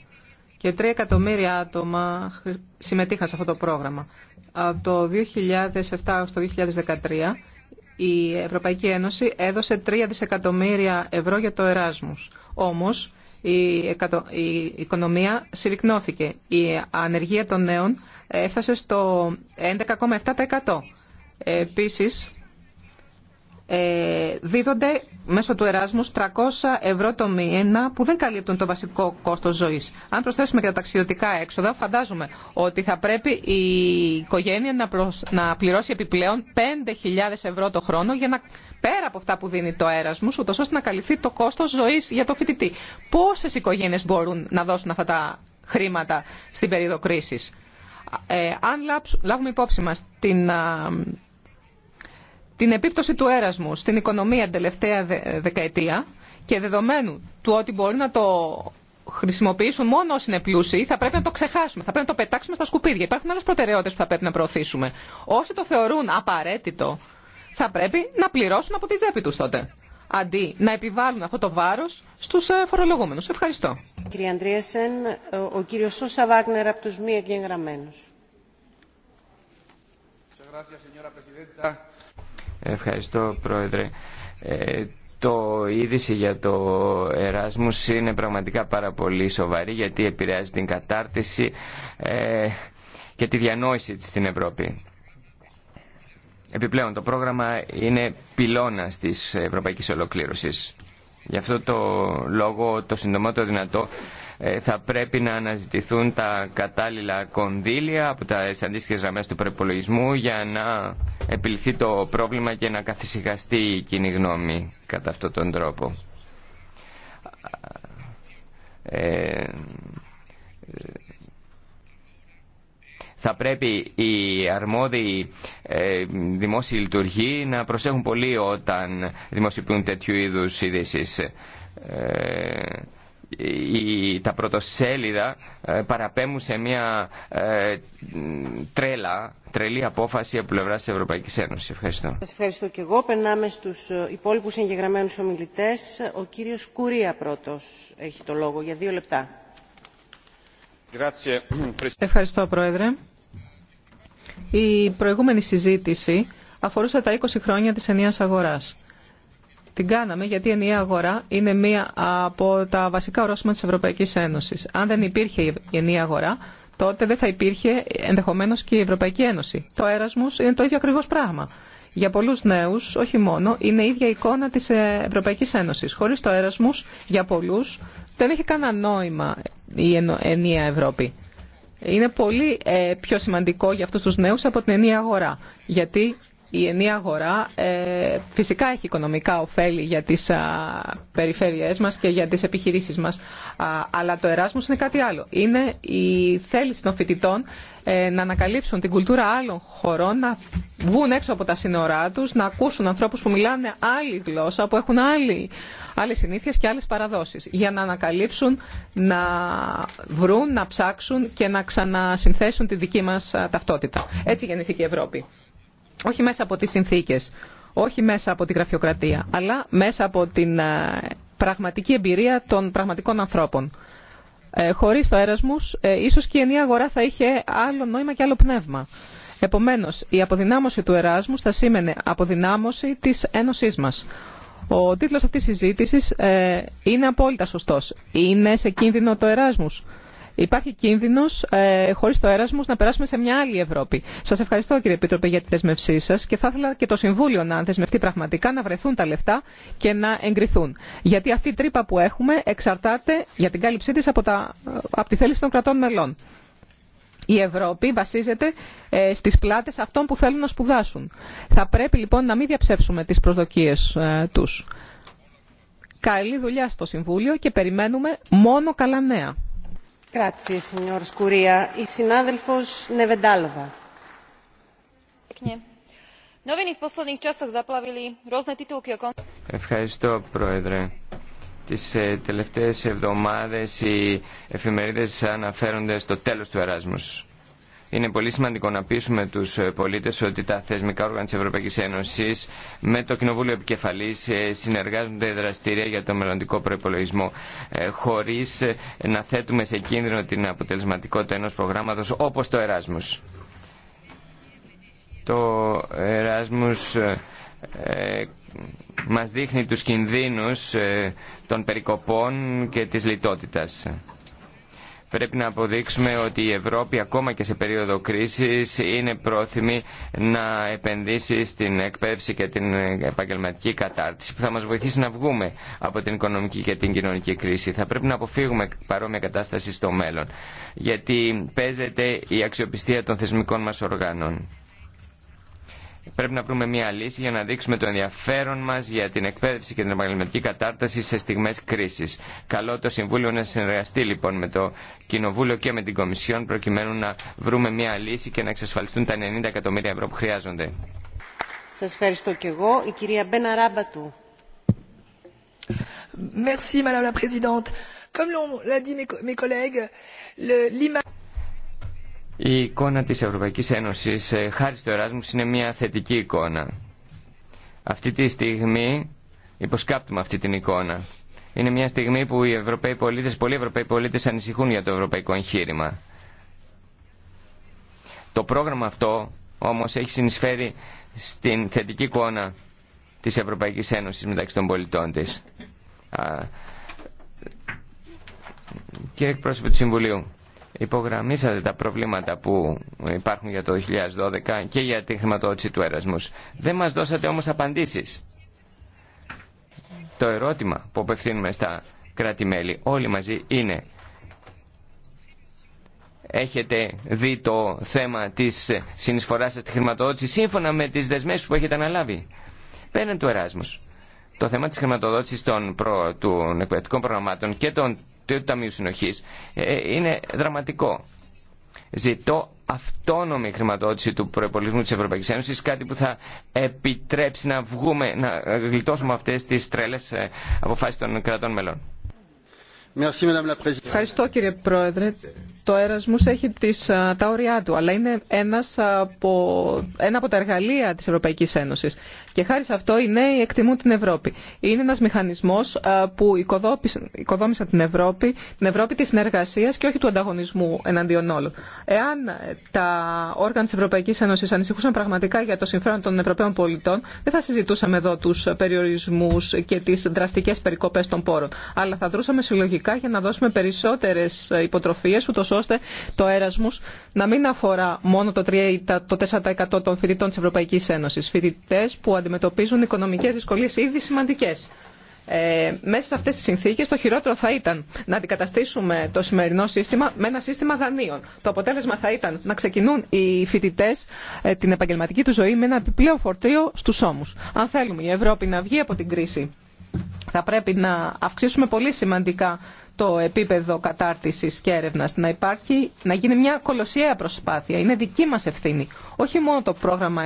και 3 εκατομμύρια άτομα συμμετείχαν σε αυτό το πρόγραμμα. Από το 2007 έως το 2013 η Ευρωπαϊκή Ένωση έδωσε 3 δισεκατομμύρια ευρώ για το εράσμος. Όμως, η οικονομία συρρυκνώθηκε. Η ανεργία των νέων έφτασε στο 11,7%. Επίσης, ε, δίδονται μέσω του Εράσμου 300 ευρώ το μήνα που δεν καλύπτουν το βασικό κόστος ζωής. Αν προσθέσουμε και τα ταξιδιωτικά έξοδα, φαντάζομαι ότι θα πρέπει η οικογένεια να, να πληρώσει επιπλέον 5.000 ευρώ το χρόνο για να πέρα από αυτά που δίνει το Erasmus, ούτως ώστε να καλυφθεί το κόστος ζωής για το φοιτητή. Πόσες οικογένειες μπορούν να δώσουν αυτά τα χρήματα στην περίοδο κρίσης. Ε, αν λάβουμε υπόψη μας την την επίπτωση του έρασμου στην οικονομία την τελευταία δεκαετία και δεδομένου του ότι μπορεί να το χρησιμοποιήσουν μόνο όσοι είναι πλούσιοι, θα πρέπει να το ξεχάσουμε, θα πρέπει να το πετάξουμε στα σκουπίδια. Υπάρχουν άλλε προτεραιότητε που θα πρέπει να προωθήσουμε. Όσοι το θεωρούν απαραίτητο, θα πρέπει να πληρώσουν από την τσέπη του τότε. Αντί να επιβάλλουν αυτό το βάρο στου ε, φορολογούμενου. Ευχαριστώ. Κύριε Αντρίεσεν, ο κύριο Σούσα Βάγνερ από του μη εγγεγραμμένου. Ευχαριστώ, Πρόεδρε. Ε, το είδηση για το Εράσμους είναι πραγματικά πάρα πολύ σοβαρή γιατί επηρεάζει την κατάρτιση ε, και τη διανόηση της στην Ευρώπη. Επιπλέον, το πρόγραμμα είναι πυλώνα της ευρωπαϊκής ολοκλήρωσης. Γι' αυτό το λόγο το συντομότερο δυνατό ε, θα πρέπει να αναζητηθούν τα κατάλληλα κονδύλια από τα αντίστοιχε γραμμέ του προπολογισμού για να επιληθεί το πρόβλημα και να καθησυχαστεί η κοινή γνώμη κατά αυτόν τον τρόπο. Ε, θα πρέπει οι αρμόδιοι ε, δημόσιοι λειτουργοί να προσέχουν πολύ όταν δημοσιοποιούν τέτοιου είδους ειδήσει. Ε, τα πρωτοσέλιδα ε, παραπέμουν σε μια ε, τρέλα, τρελή απόφαση από πλευρά τη Ευρωπαϊκή Ένωση. Ευχαριστώ. Σα ευχαριστώ και εγώ. Περνάμε στου ε, υπόλοιπου εγγεγραμμένου ομιλητέ. Ο κύριο Κουρία πρώτο έχει το λόγο για δύο λεπτά. Ευχαριστώ, Πρόεδρε. Η προηγούμενη συζήτηση αφορούσε τα 20 χρόνια της ενίας αγοράς την κάναμε γιατί η ενιαία αγορά είναι μία από τα βασικά ορόσημα της Ευρωπαϊκής Ένωσης. Αν δεν υπήρχε η ενιαία αγορά, τότε δεν θα υπήρχε ενδεχομένως και η Ευρωπαϊκή Ένωση. Το έρασμος είναι το ίδιο ακριβώς πράγμα. Για πολλού νέου, όχι μόνο, είναι η ίδια εικόνα τη Ευρωπαϊκή Ένωση. Χωρί το έρασμο, για πολλού, δεν έχει κανένα νόημα η ενιαία Ευρώπη. Είναι πολύ ε, πιο σημαντικό για αυτού του νέου από την ενιαία αγορά. Γιατί η ενή αγορά ε, φυσικά έχει οικονομικά ωφέλη για τις περιφέρειές μας και για τις επιχειρήσεις μας. Αλλά το Εράσμος είναι κάτι άλλο. Είναι η θέληση των φοιτητών ε, να ανακαλύψουν την κουλτούρα άλλων χωρών, να βγουν έξω από τα σύνορά τους, να ακούσουν ανθρώπους που μιλάνε άλλη γλώσσα, που έχουν άλλη, άλλες συνήθειες και άλλες παραδόσεις, για να ανακαλύψουν, να βρουν, να ψάξουν και να ξανασυνθέσουν τη δική μας ταυτότητα. Έτσι γεννήθηκε η Ευρώπη όχι μέσα από τις συνθήκες, όχι μέσα από τη γραφειοκρατία, αλλά μέσα από την ε, πραγματική εμπειρία των πραγματικών ανθρώπων. Ε, χωρίς το έρασμους, ε, ίσως και η ενία αγορά θα είχε άλλο νόημα και άλλο πνεύμα. Επομένως, η αποδυνάμωση του Εράσμους θα σήμαινε αποδυνάμωση της ένωσής μας. Ο τίτλος αυτής της συζήτησης ε, είναι απόλυτα σωστός. Είναι σε κίνδυνο το Εράσμους. Υπάρχει κίνδυνο, ε, χωρίς το έρασμο, να περάσουμε σε μια άλλη Ευρώπη. Σα ευχαριστώ κύριε Επίτροπε για τη δεσμευσή σα, και θα ήθελα και το Συμβούλιο να δεσμευτεί πραγματικά να βρεθούν τα λεφτά και να εγκριθούν. Γιατί αυτή η τρύπα που έχουμε εξαρτάται για την κάλυψή τη από, από τη θέληση των κρατών μελών. Η Ευρώπη βασίζεται ε, στις πλάτες αυτών που θέλουν να σπουδάσουν. Θα πρέπει λοιπόν να μην διαψεύσουμε τις προσδοκίες ε, τους. Καλή δουλειά στο Συμβούλιο και περιμένουμε μόνο καλά νέα. Ευχαριστώ, Πρόεδρε. Τις ε, τελευταίες εβδομάδες οι εφημερίδες αναφέρονται στο τέλος του Εράσμους. Είναι πολύ σημαντικό να πείσουμε του ε, πολίτε ότι τα θεσμικά όργανα τη Ευρωπαϊκή Ένωση με το Κοινοβούλιο Επικεφαλή ε, συνεργάζονται δραστηρία για το μελλοντικό προπολογισμό, ε, χωρί να θέτουμε σε κίνδυνο την αποτελεσματικότητα ενό προγράμματο όπω το Εράσμους. Το Εράσμους μας δείχνει τους κινδύνους των περικοπών και της λιτότητας πρέπει να αποδείξουμε ότι η Ευρώπη ακόμα και σε περίοδο κρίσης είναι πρόθυμη να επενδύσει στην εκπαίδευση και την επαγγελματική κατάρτιση που θα μας βοηθήσει να βγούμε από την οικονομική και την κοινωνική κρίση. Θα πρέπει να αποφύγουμε παρόμοια κατάσταση στο μέλλον γιατί παίζεται η αξιοπιστία των θεσμικών μας οργάνων. Πρέπει να βρούμε μια λύση για να δείξουμε το ενδιαφέρον μα για την εκπαίδευση και την επαγγελματική κατάρταση σε στιγμέ κρίση. Καλό το Συμβούλιο να συνεργαστεί λοιπόν με το Κοινοβούλιο και με την Κομισιόν προκειμένου να βρούμε μια λύση και να εξασφαλιστούν τα 90 εκατομμύρια ευρώ που χρειάζονται. Σα ευχαριστώ και η εικόνα της Ευρωπαϊκής Ένωσης ε, χάρη στο Εράσμους είναι μια θετική εικόνα. Αυτή τη στιγμή υποσκάπτουμε αυτή την εικόνα. Είναι μια στιγμή που οι Ευρωπαίοι πολίτες, πολλοί Ευρωπαίοι πολίτες ανησυχούν για το ευρωπαϊκό εγχείρημα. Το πρόγραμμα αυτό όμως έχει συνεισφέρει στην θετική εικόνα της Ευρωπαϊκής Ένωσης μεταξύ των πολιτών της. Κύριε εκπρόσωπε του Συμβουλίου, υπογραμμίσατε τα προβλήματα που υπάρχουν για το 2012 και για τη χρηματοδότηση του Ερασμού. Δεν μας δώσατε όμως απαντήσεις. Το ερώτημα που απευθύνουμε στα κράτη-μέλη όλοι μαζί είναι έχετε δει το θέμα της συνεισφοράς σας στη χρηματοδότηση σύμφωνα με τις δεσμεύσεις που έχετε αναλάβει. Πέραν του Εράσμους, το θέμα της χρηματοδότησης των εκπαιδευτικών προγραμμάτων και των του Ταμείου Συνοχής ε, ε, είναι δραματικό. Ζητώ αυτόνομη χρηματοδότηση του προπολογισμού της Ευρωπαϊκής Ένωσης, κάτι που θα επιτρέψει να βγούμε, να γλιτώσουμε αυτές τις τρέλες αποφάσει των κρατών μελών. Ευχαριστώ κύριε Πρόεδρε. Το Erasmus έχει τις, τα όρια του, αλλά είναι ένας από, ένα από τα εργαλεία της Ευρωπαϊκής Ένωσης. Και χάρη σε αυτό οι νέοι εκτιμούν την Ευρώπη. Είναι ένα μηχανισμό που οικοδόμησε την Ευρώπη, την Ευρώπη τη συνεργασία και όχι του ανταγωνισμού εναντίον όλων. Εάν ε, τα όργανα τη Ευρωπαϊκή Ένωση ανησυχούσαν πραγματικά για το συμφέρον των Ευρωπαίων πολιτών, δεν θα συζητούσαμε εδώ του περιορισμού και τι δραστικέ περικοπέ των πόρων. Αλλά θα δρούσαμε συλλογικά για να δώσουμε περισσότερε υποτροφίε, ούτω ώστε το Erasmus να μην αφορά μόνο το 4% των φοιτητών τη Ευρωπαϊκή Ένωση. που αντιμετωπίζουν οικονομικές δυσκολίες ήδη σημαντικές. Ε, μέσα σε αυτές τις συνθήκες το χειρότερο θα ήταν να αντικαταστήσουμε το σημερινό σύστημα με ένα σύστημα δανείων. Το αποτέλεσμα θα ήταν να ξεκινούν οι φοιτητές ε, την επαγγελματική του ζωή με ένα επιπλέον φορτίο στους ώμους. Αν θέλουμε η Ευρώπη να βγει από την κρίση θα πρέπει να αυξήσουμε πολύ σημαντικά το επίπεδο κατάρτισης και έρευνας, να υπάρχει, να γίνει μια κολοσιαία προσπάθεια. Είναι δική μας ευθύνη. Όχι μόνο το πρόγραμμα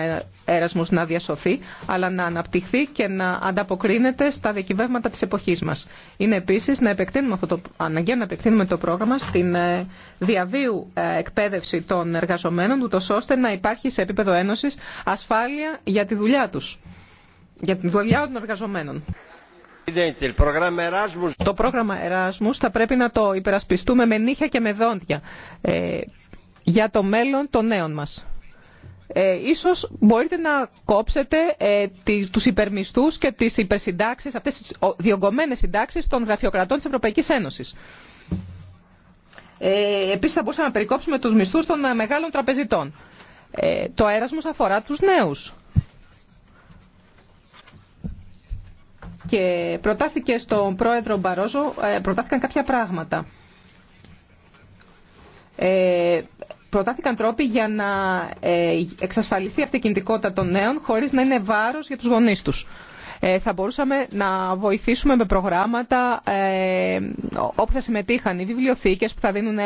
έρασμος ε- να διασωθεί, αλλά να αναπτυχθεί και να ανταποκρίνεται στα δικηβεύματα της εποχής μας. Είναι επίσης να επεκτείνουμε αυτό το, αναγκαίο να επεκτείνουμε το πρόγραμμα στην ε, διαβίου ε, εκπαίδευση των εργαζομένων, ούτω ώστε να υπάρχει σε επίπεδο ένωσης ασφάλεια για τη δουλειά τους, για τη δουλειά των εργαζομένων. Το πρόγραμμα Εράσμους θα πρέπει να το υπερασπιστούμε με νύχια και με δόντια ε, για το μέλλον των νέων μας. Ε, ίσως μπορείτε να κόψετε ε, τους υπερμισθούς και τις υπερσυντάξεις, αυτές τις διογκωμένες συντάξεις των γραφειοκρατών της Ευρωπαϊκής Ένωσης. Ε, επίσης θα μπορούσαμε να περικόψουμε τους μισθούς των ε, μεγάλων τραπεζιτών. Ε, το έρασμος αφορά τους νέους και προτάθηκε στον πρόεδρο Μπαρόζο, ε, προτάθηκαν κάποια πράγματα. Ε, προτάθηκαν τρόποι για να ε, εξασφαλιστεί αυτή η κινητικότητα των νέων χωρίς να είναι βάρος για τους γονείς τους. θα μπορούσαμε να βοηθήσουμε με προγράμματα ε, όπου θα συμμετείχαν οι βιβλιοθήκες που θα δίνουν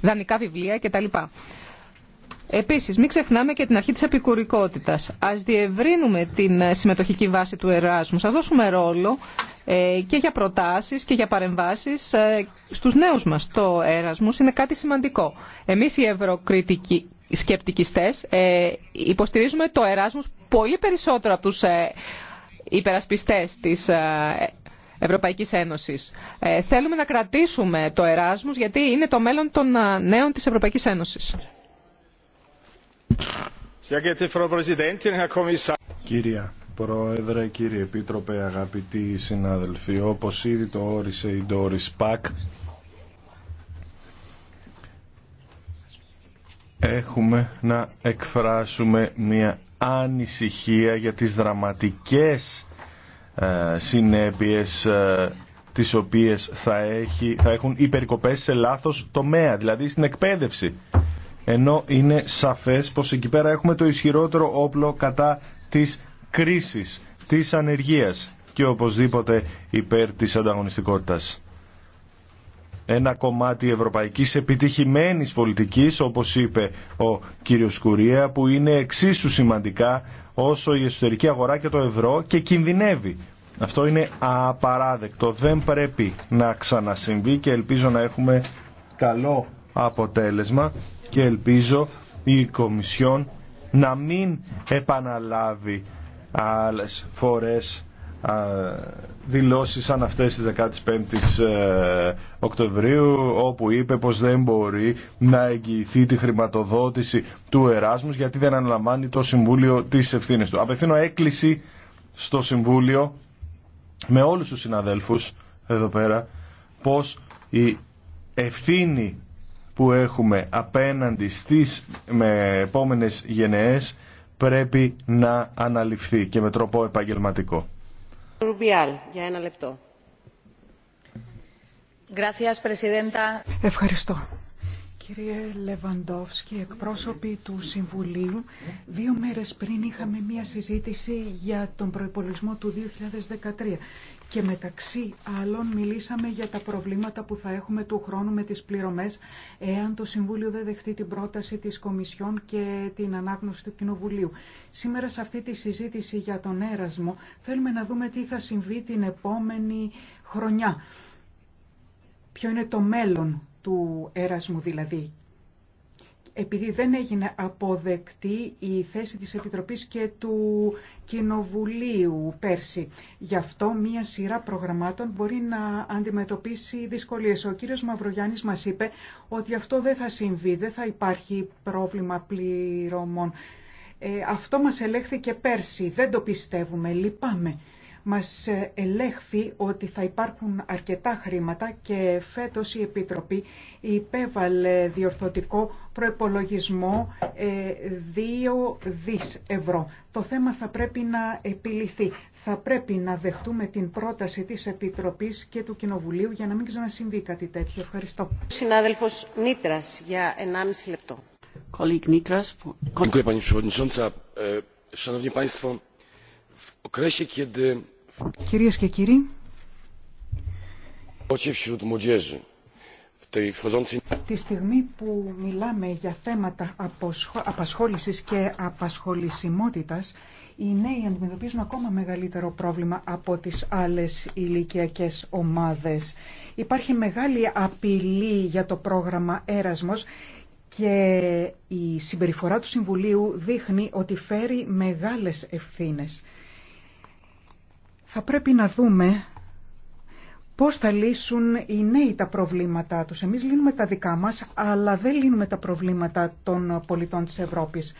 δανεικά βιβλία κτλ. Επίσης, μην ξεχνάμε και την αρχή της επικουρικότητας. Ας διευρύνουμε την ε, συμμετοχική βάση του Εράσμου. Ας δώσουμε ρόλο ε, και για προτάσεις και για παρεμβάσεις ε, στους νέους μας. Το Εράσμους είναι κάτι σημαντικό. Εμείς οι ευρωκριτικοί σκεπτικιστές υποστηρίζουμε το Εράσμους πολύ περισσότερο από τους υπερασπιστές της Ευρωπαϊκής Ένωσης. θέλουμε να κρατήσουμε το Εράσμους γιατί είναι το μέλλον των νέων της Ευρωπαϊκής Ένωσης. Κυρία Πρόεδρε, κύριε Επίτροπε, αγαπητοί συνάδελφοι, όπως ήδη το όρισε η Doris Πακ, έχουμε να εκφράσουμε μια ανησυχία για τις δραματικές ε, συνέπειες ε, τις οποίες θα, έχει, θα έχουν οι περικοπές σε λάθος τομέα, δηλαδή στην εκπαίδευση ενώ είναι σαφές πως εκεί πέρα έχουμε το ισχυρότερο όπλο κατά της κρίσης, της ανεργίας και οπωσδήποτε υπέρ της ανταγωνιστικότητας. Ένα κομμάτι ευρωπαϊκής επιτυχημένης πολιτικής, όπως είπε ο κύριος Κουρία, που είναι εξίσου σημαντικά όσο η εσωτερική αγορά και το ευρώ και κινδυνεύει. Αυτό είναι απαράδεκτο. Δεν πρέπει να ξανασυμβεί και ελπίζω να έχουμε καλό αποτέλεσμα και ελπίζω η Κομισιόν να μην επαναλάβει άλλες φορές δηλώσεις σαν αυτές της 15ης ε, Οκτωβρίου όπου είπε πως δεν μπορεί να εγγυηθεί τη χρηματοδότηση του Εράσμους γιατί δεν αναλαμβάνει το Συμβούλιο της Ευθύνης του. Απευθύνω έκκληση στο Συμβούλιο με όλους τους συναδέλφους εδώ πέρα πως η ευθύνη που έχουμε απέναντι στις με επόμενες γενναίες πρέπει να αναλυφθεί και με τρόπο επαγγελματικό. για ένα λεπτό. Ευχαριστώ. Κύριε Λεβαντόφσκι, εκπρόσωποι του Συμβουλίου, δύο μέρες πριν είχαμε μία συζήτηση για τον προϋπολισμό του 2013 και μεταξύ άλλων μιλήσαμε για τα προβλήματα που θα έχουμε του χρόνου με τις πληρωμές εάν το Συμβούλιο δεν δεχτεί την πρόταση της Κομισιόν και την ανάγνωση του Κοινοβουλίου. Σήμερα σε αυτή τη συζήτηση για τον έρασμο θέλουμε να δούμε τι θα συμβεί την επόμενη χρονιά. Ποιο είναι το μέλλον του έρασμου δηλαδή. Επειδή δεν έγινε αποδεκτή η θέση της Επιτροπής και του Κοινοβουλίου πέρσι. Γι' αυτό μία σειρά προγραμμάτων μπορεί να αντιμετωπίσει δυσκολίες. Ο κύριος Μαυρογιάννης μας είπε ότι αυτό δεν θα συμβεί, δεν θα υπάρχει πρόβλημα πληρωμών. Ε, αυτό μας ελέγχθηκε πέρσι, δεν το πιστεύουμε, λυπάμαι μας ελέγχθη ότι θα υπάρχουν αρκετά χρήματα και φέτος η Επιτροπή υπέβαλε διορθωτικό προϋπολογισμό 2 ε, δις ευρώ. Το θέμα θα πρέπει να επιληθεί. Θα πρέπει να δεχτούμε την πρόταση της Επιτροπής και του Κοινοβουλίου για να μην ξανασυμβεί κάτι τέτοιο. Ευχαριστώ. Συνάδελφος Νίτρας για 1,5 λεπτό. Dziękuję Pani Przewodnicząca. E, szanowni Państwo, w okresie, kiedy Κυρίες και κύριοι, τη στιγμή που μιλάμε για θέματα απασχόλησης και απασχολησιμότητας, οι νέοι αντιμετωπίζουν ακόμα μεγαλύτερο πρόβλημα από τις άλλες ηλικιακέ ομάδες. Υπάρχει μεγάλη απειλή για το πρόγραμμα Έρασμος και η συμπεριφορά του Συμβουλίου δείχνει ότι φέρει μεγάλες ευθύνες. Θα πρέπει να δούμε πώς θα λύσουν οι νέοι τα προβλήματά τους. Εμείς λύνουμε τα δικά μας, αλλά δεν λύνουμε τα προβλήματα των πολιτών της Ευρώπης.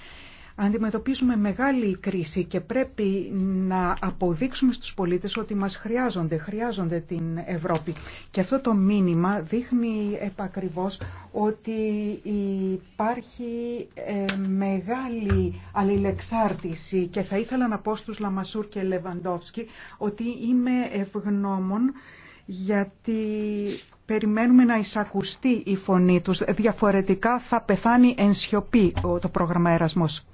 Αντιμετωπίζουμε μεγάλη κρίση και πρέπει να αποδείξουμε στους πολίτες ότι μας χρειάζονται, χρειάζονται την Ευρώπη. Και αυτό το μήνυμα δείχνει επακριβώς ότι υπάρχει ε, μεγάλη αλληλεξάρτηση και θα ήθελα να πω στους Λαμασούρ και Λεβαντόφσκι ότι είμαι ευγνώμων γιατί περιμένουμε να εισακουστεί η φωνή τους. Διαφορετικά θα πεθάνει εν σιωπή το πρόγραμμα Ερασμός.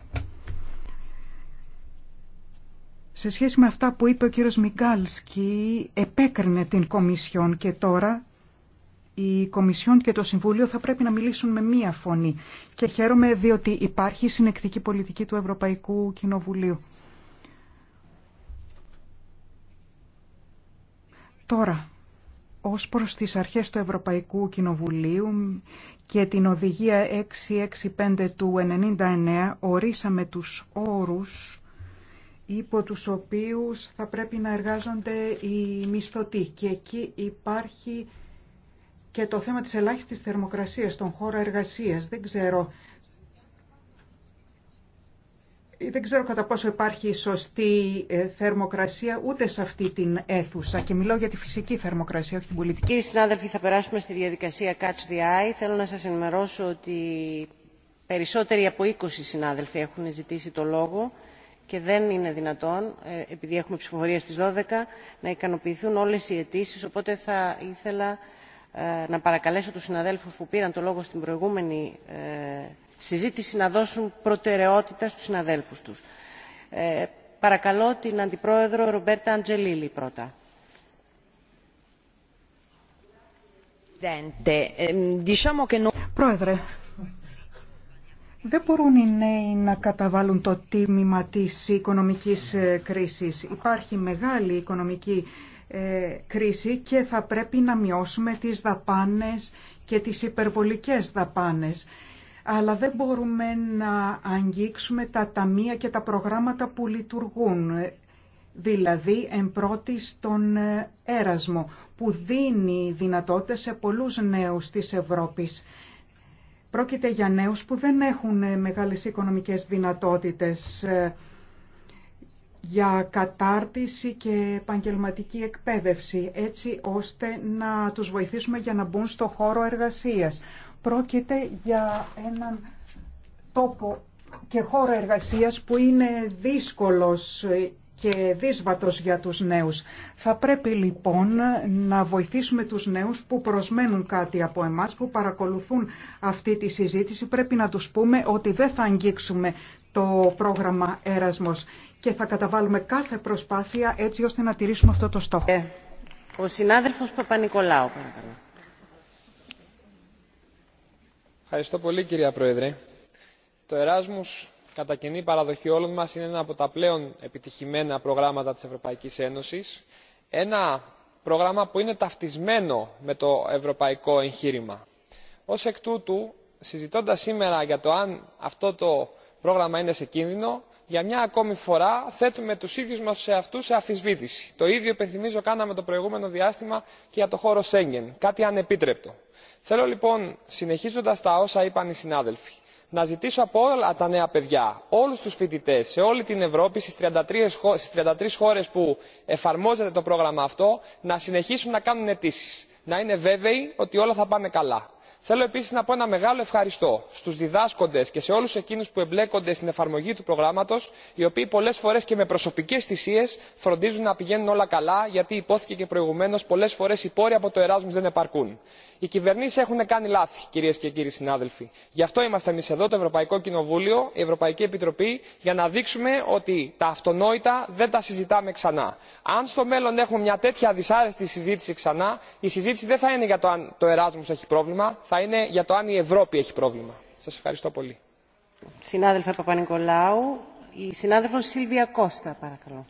Σε σχέση με αυτά που είπε ο κύριος Μικάλσκι, επέκρινε την Κομισιόν και τώρα η Κομισιόν και το Συμβούλιο θα πρέπει να μιλήσουν με μία φωνή. Και χαίρομαι διότι υπάρχει συνεκτική πολιτική του Ευρωπαϊκού Κοινοβουλίου. Τώρα, ως προς τις αρχές του Ευρωπαϊκού Κοινοβουλίου και την οδηγία 665 του 99 ορίσαμε τους όρους υπό τους οποίους θα πρέπει να εργάζονται οι μισθωτοί και εκεί υπάρχει και το θέμα της ελάχιστης θερμοκρασίας στον χώρο εργασίας. Δεν ξέρω, δεν ξέρω κατά πόσο υπάρχει σωστή ε, θερμοκρασία ούτε σε αυτή την αίθουσα και μιλώ για τη φυσική θερμοκρασία, όχι την πολιτική. Κύριοι συνάδελφοι, θα περάσουμε στη διαδικασία Catch the Eye. Θέλω να σας ενημερώσω ότι περισσότεροι από 20 συνάδελφοι έχουν ζητήσει το λόγο και δεν είναι δυνατόν, ε, επειδή έχουμε ψηφοφορία στις 12, να ικανοποιηθούν όλες οι αιτήσει, οπότε θα ήθελα ε, να παρακαλέσω τους συναδέλφους που πήραν το λόγο στην προηγούμενη ε, συζήτηση να δώσουν προτεραιότητα στους συναδέλφους τους. Παρακαλώ την Αντιπρόεδρο Ρομπέρτα Αντζελίλη πρώτα. Eh, Πρόεδρε, δεν μπορούν οι νέοι να καταβάλουν το τίμημα της οικονομικής ε, κρίσης. Υπάρχει μεγάλη οικονομική ε, κρίση και θα πρέπει να μειώσουμε τις δαπάνες και τις υπερβολικές δαπάνες. Αλλά δεν μπορούμε να αγγίξουμε τα ταμεία και τα προγράμματα που λειτουργούν. Δηλαδή, εν πρώτη στον ε, έρασμο, που δίνει δυνατότητες σε πολλούς νέους της Ευρώπης Πρόκειται για νέους που δεν έχουν ε, μεγάλες οικονομικές δυνατότητες ε, για κατάρτιση και επαγγελματική εκπαίδευση, έτσι ώστε να τους βοηθήσουμε για να μπουν στο χώρο εργασίας. Πρόκειται για έναν τόπο και χώρο εργασίας που είναι δύσκολος ε, και δύσβατος για τους νέους. Θα πρέπει λοιπόν να βοηθήσουμε τους νέους που προσμένουν κάτι από εμάς, που παρακολουθούν αυτή τη συζήτηση. Πρέπει να τους πούμε ότι δεν θα αγγίξουμε το πρόγραμμα Έρασμος και θα καταβάλουμε κάθε προσπάθεια έτσι ώστε να τηρήσουμε αυτό το στόχο. Ε, ο συναδελφος Ευχαριστώ πολύ κυρία Πρόεδρε. Το Εράσμους κατά κοινή παραδοχή όλων μας είναι ένα από τα πλέον επιτυχημένα προγράμματα της Ευρωπαϊκής Ένωσης. Ένα πρόγραμμα που είναι ταυτισμένο με το ευρωπαϊκό εγχείρημα. Ως εκ τούτου, συζητώντας σήμερα για το αν αυτό το πρόγραμμα είναι σε κίνδυνο, για μια ακόμη φορά θέτουμε τους ίδιους μας σε αυτούς σε αφισβήτηση. Το ίδιο υπενθυμίζω κάναμε το προηγούμενο διάστημα και για το χώρο Σέγγεν, κάτι ανεπίτρεπτο. Θέλω λοιπόν, συνεχίζοντας τα όσα είπαν οι συνάδελφοι, να ζητήσω από όλα τα νέα παιδιά όλους τους φοιτητές σε όλη την ευρώπη στις 33 χώρες που εφαρμόζεται το πρόγραμμα αυτό να συνεχίσουν να κάνουν αιτήσει να είναι βέβαιοι ότι όλα θα πάνε καλά θέλω επίση να πω ένα μεγάλο ευχαριστώ στου διδάσκοντε και σε όλου εκείνου που εμπλέκονται στην εφαρμογή του προγράμματο οι οποίοι πολλέ φορέ και με προσωπικέ θυσίε φροντίζουν να πηγαίνουν όλα καλά γιατί υπόθηκε και προηγουμένω πολλέ φορέ οι πόροι από το εράσμου δεν επαρκούν. οι κυβερνήσει έχουν κάνει λάθη κυρίε και κύριοι συνάδελφοι. γι' αυτό είμαστε εμεί εδώ το ευρωπαϊκό κοινοβούλιο η ευρωπαϊκή επιτροπή για να δείξουμε ότι τα αυτονόητα δεν τα συζητάμε ξανά. αν στο μέλλον έχουμε μια τέτοια δυσάρεστη συζήτηση ξανά η συζήτηση δεν θα είναι για το αν το εράσμου έχει πρόβλημα θα είναι για το αν η Ευρώπη έχει πρόβλημα. Σας ευχαριστώ πολύ. Συνάδελφε Παπα-Νικολάου, η συνάδελφος Σίλβια Κώστα, παρακαλώ.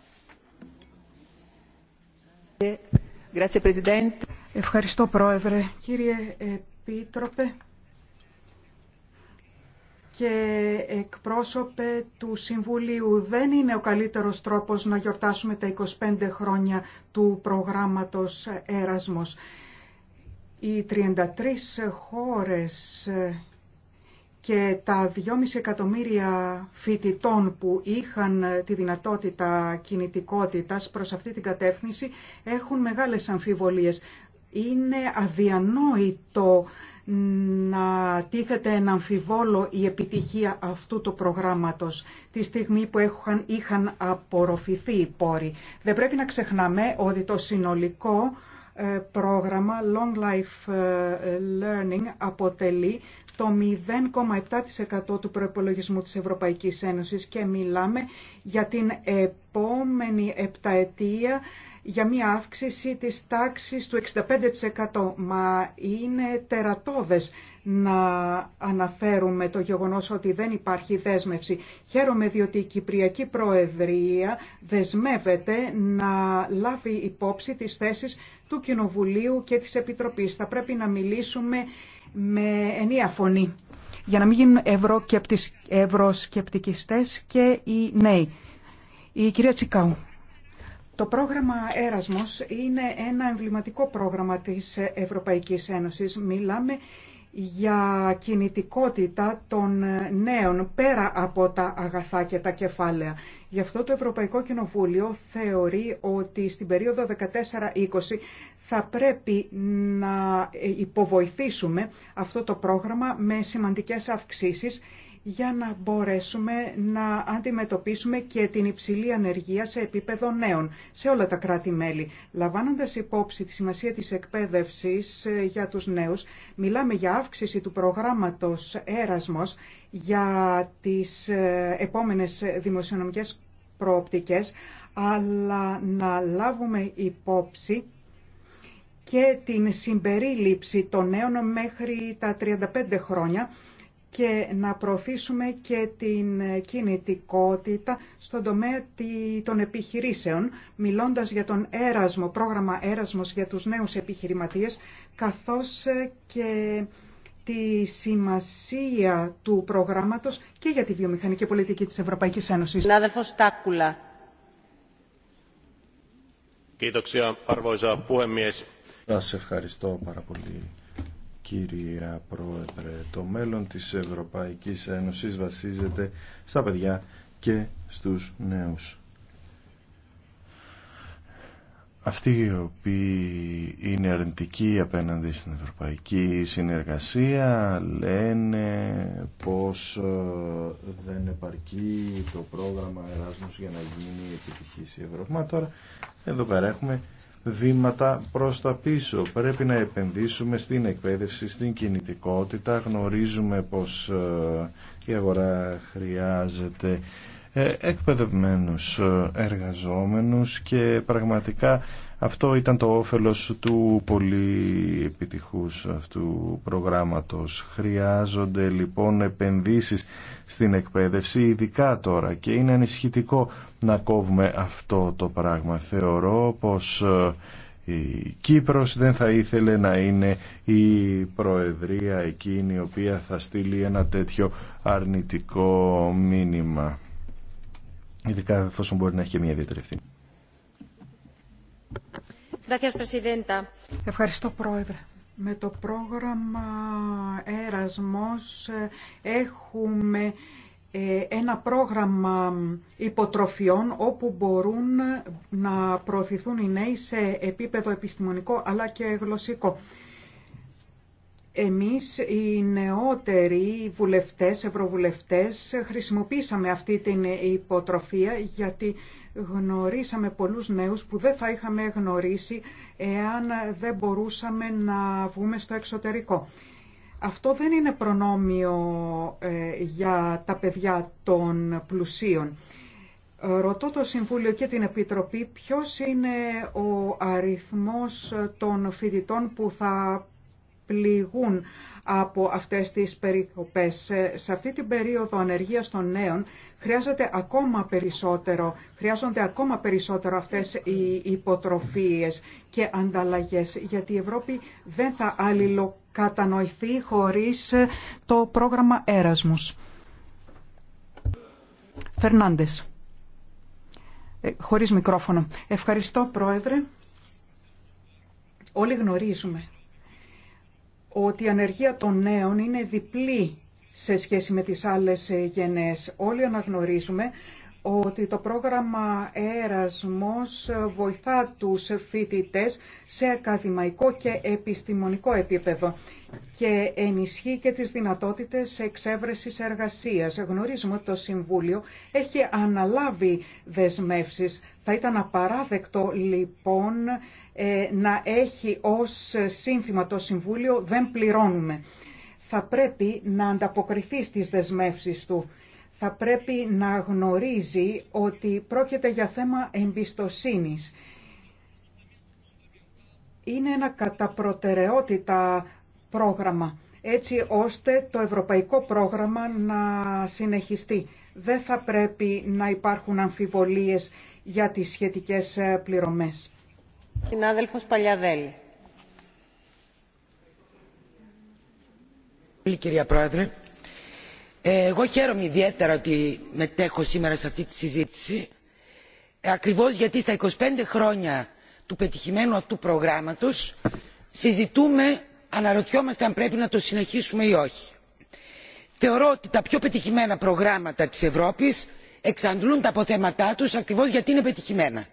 Ευχαριστώ, Πρόεδρε. Κύριε Επίτροπε και εκπρόσωπε του Συμβουλίου, δεν είναι ο καλύτερος τρόπος να γιορτάσουμε τα 25 χρόνια του προγράμματος Έρασμος οι 33 χώρες και τα 2,5 εκατομμύρια φοιτητών που είχαν τη δυνατότητα κινητικότητας προς αυτή την κατεύθυνση έχουν μεγάλες αμφιβολίες. Είναι αδιανόητο να τίθεται ένα αμφιβόλο η επιτυχία αυτού του προγράμματος τη στιγμή που είχαν, είχαν απορροφηθεί οι πόροι. Δεν πρέπει να ξεχνάμε ότι το συνολικό ε, πρόγραμμα Long Life ε, Learning αποτελεί το 0,7% του προϋπολογισμού της Ευρωπαϊκής Ένωσης και μιλάμε για την επόμενη επταετία για μία αύξηση της τάξης του 65%. Μα είναι τερατώδες να αναφέρουμε το γεγονός ότι δεν υπάρχει δέσμευση. Χαίρομαι διότι η Κυπριακή Προεδρία δεσμεύεται να λάβει υπόψη τις θέσεις του Κοινοβουλίου και της Επιτροπής. Θα πρέπει να μιλήσουμε με ενία φωνή για να μην γίνουν ευρωσκεπτικιστές και οι νέοι. Η κυρία Τσικάου. Το πρόγραμμα Έρασμος είναι ένα εμβληματικό πρόγραμμα της Ευρωπαϊκής Ένωσης. Μιλάμε για κινητικότητα των νέων πέρα από τα αγαθά και τα κεφάλαια. Γι' αυτό το Ευρωπαϊκό Κοινοβούλιο θεωρεί ότι στην περίοδο 14-20 θα πρέπει να υποβοηθήσουμε αυτό το πρόγραμμα με σημαντικές αυξήσεις για να μπορέσουμε να αντιμετωπίσουμε και την υψηλή ανεργία σε επίπεδο νέων σε όλα τα κράτη-μέλη. Λαμβάνοντας υπόψη τη σημασία της εκπαίδευσης ε, για τους νέους, μιλάμε για αύξηση του προγράμματος Έρασμος για τις ε, επόμενες δημοσιονομικές προοπτικές, αλλά να λάβουμε υπόψη και την συμπερίληψη των νέων μέχρι τα 35 χρόνια και να προωθήσουμε και την κινητικότητα στον τομέα των επιχειρήσεων, μιλώντας για τον έρασμο, πρόγραμμα έρασμος για τους νέους επιχειρηματίες, καθώς ε, και τη σημασία του προγράμματος και για τη βιομηχανική πολιτική της Ευρωπαϊκής Ένωσης. Σας ευχαριστώ πάρα πολύ κυρία Πρόεδρε. Το μέλλον της Ευρωπαϊκής Ένωσης βασίζεται στα παιδιά και στους νέους. Αυτοί οι οποίοι είναι αρνητικοί απέναντι στην ευρωπαϊκή συνεργασία λένε πως ε, δεν επαρκεί το πρόγραμμα Εράσμους για να γίνει επιτυχής η Ευρώπη. Μα τώρα εδώ πέρα έχουμε βήματα προς τα πίσω. Πρέπει να επενδύσουμε στην εκπαίδευση, στην κινητικότητα. Γνωρίζουμε πως ε, η αγορά χρειάζεται ε, εκπαιδευμένους ε, εργαζόμενους και πραγματικά αυτό ήταν το όφελος του πολύ επιτυχούς αυτού προγράμματος. Χρειάζονται λοιπόν επενδύσεις στην εκπαίδευση ειδικά τώρα και είναι ανησυχητικό να κόβουμε αυτό το πράγμα. Θεωρώ πως ε, η Κύπρος δεν θα ήθελε να είναι η Προεδρία εκείνη η οποία θα στείλει ένα τέτοιο αρνητικό μήνυμα ειδικά εφόσον μπορεί να έχει και μια ιδιαίτερη ευθύνη. Ευχαριστώ Πρόεδρε. Με το πρόγραμμα Έρασμος ε, έχουμε ε, ένα πρόγραμμα υποτροφιών όπου μπορούν να προωθηθούν οι νέοι σε επίπεδο επιστημονικό αλλά και γλωσσικό. Εμείς οι νεότεροι βουλευτές, ευρωβουλευτές, χρησιμοποίησαμε αυτή την υποτροφία γιατί γνωρίσαμε πολλούς νέους που δεν θα είχαμε γνωρίσει εάν δεν μπορούσαμε να βγούμε στο εξωτερικό. Αυτό δεν είναι προνόμιο ε, για τα παιδιά των πλουσίων. Ρωτώ το Συμβούλιο και την Επιτροπή ποιος είναι ο αριθμός των φοιτητών που θα πληγούν από αυτές τις περικοπές. Σε αυτή την περίοδο ανεργίας των νέων χρειάζεται ακόμα περισσότερο, χρειάζονται ακόμα περισσότερο αυτές οι υποτροφίες και ανταλλαγές, γιατί η Ευρώπη δεν θα αλληλοκατανοηθεί χωρίς το πρόγραμμα Έρασμους. Φερνάντες. Ε, χωρίς μικρόφωνο. Ευχαριστώ, Πρόεδρε. Όλοι γνωρίζουμε ότι η ανεργία των νέων είναι διπλή σε σχέση με τις άλλες ε, γενναίες. Όλοι αναγνωρίζουμε ότι το πρόγραμμα Έρασμος ε, βοηθά τους φοιτητέ σε ακαδημαϊκό και επιστημονικό επίπεδο και ενισχύει και τις δυνατότητες εξέβρεσης εργασίας. Γνωρίζουμε ότι το Συμβούλιο έχει αναλάβει δεσμεύσεις. Θα ήταν απαράδεκτο λοιπόν ε, να έχει ως σύνθημα το Συμβούλιο «Δεν πληρώνουμε». Θα πρέπει να ανταποκριθεί στις δεσμεύσεις του. Θα πρέπει να γνωρίζει ότι πρόκειται για θέμα εμπιστοσύνης. Είναι ένα κατά προτεραιότητα πρόγραμμα, έτσι ώστε το ευρωπαϊκό πρόγραμμα να συνεχιστεί. Δεν θα πρέπει να υπάρχουν αμφιβολίες για τις σχετικές ε, πληρωμές. Παλιαδέλη. Κυρία Πρόεδρε, ε, εγώ χαίρομαι ιδιαίτερα ότι μετέχω σήμερα σε αυτή τη συζήτηση ε, ακριβώς γιατί στα 25 χρόνια του πετυχημένου αυτού προγράμματος συζητούμε, αναρωτιόμαστε αν πρέπει να το συνεχίσουμε ή όχι. Θεωρώ ότι τα πιο πετυχημένα προγράμματα της Ευρώπης εξαντλούν τα αποθέματά τους ακριβώς γιατί είναι πετυχημένα.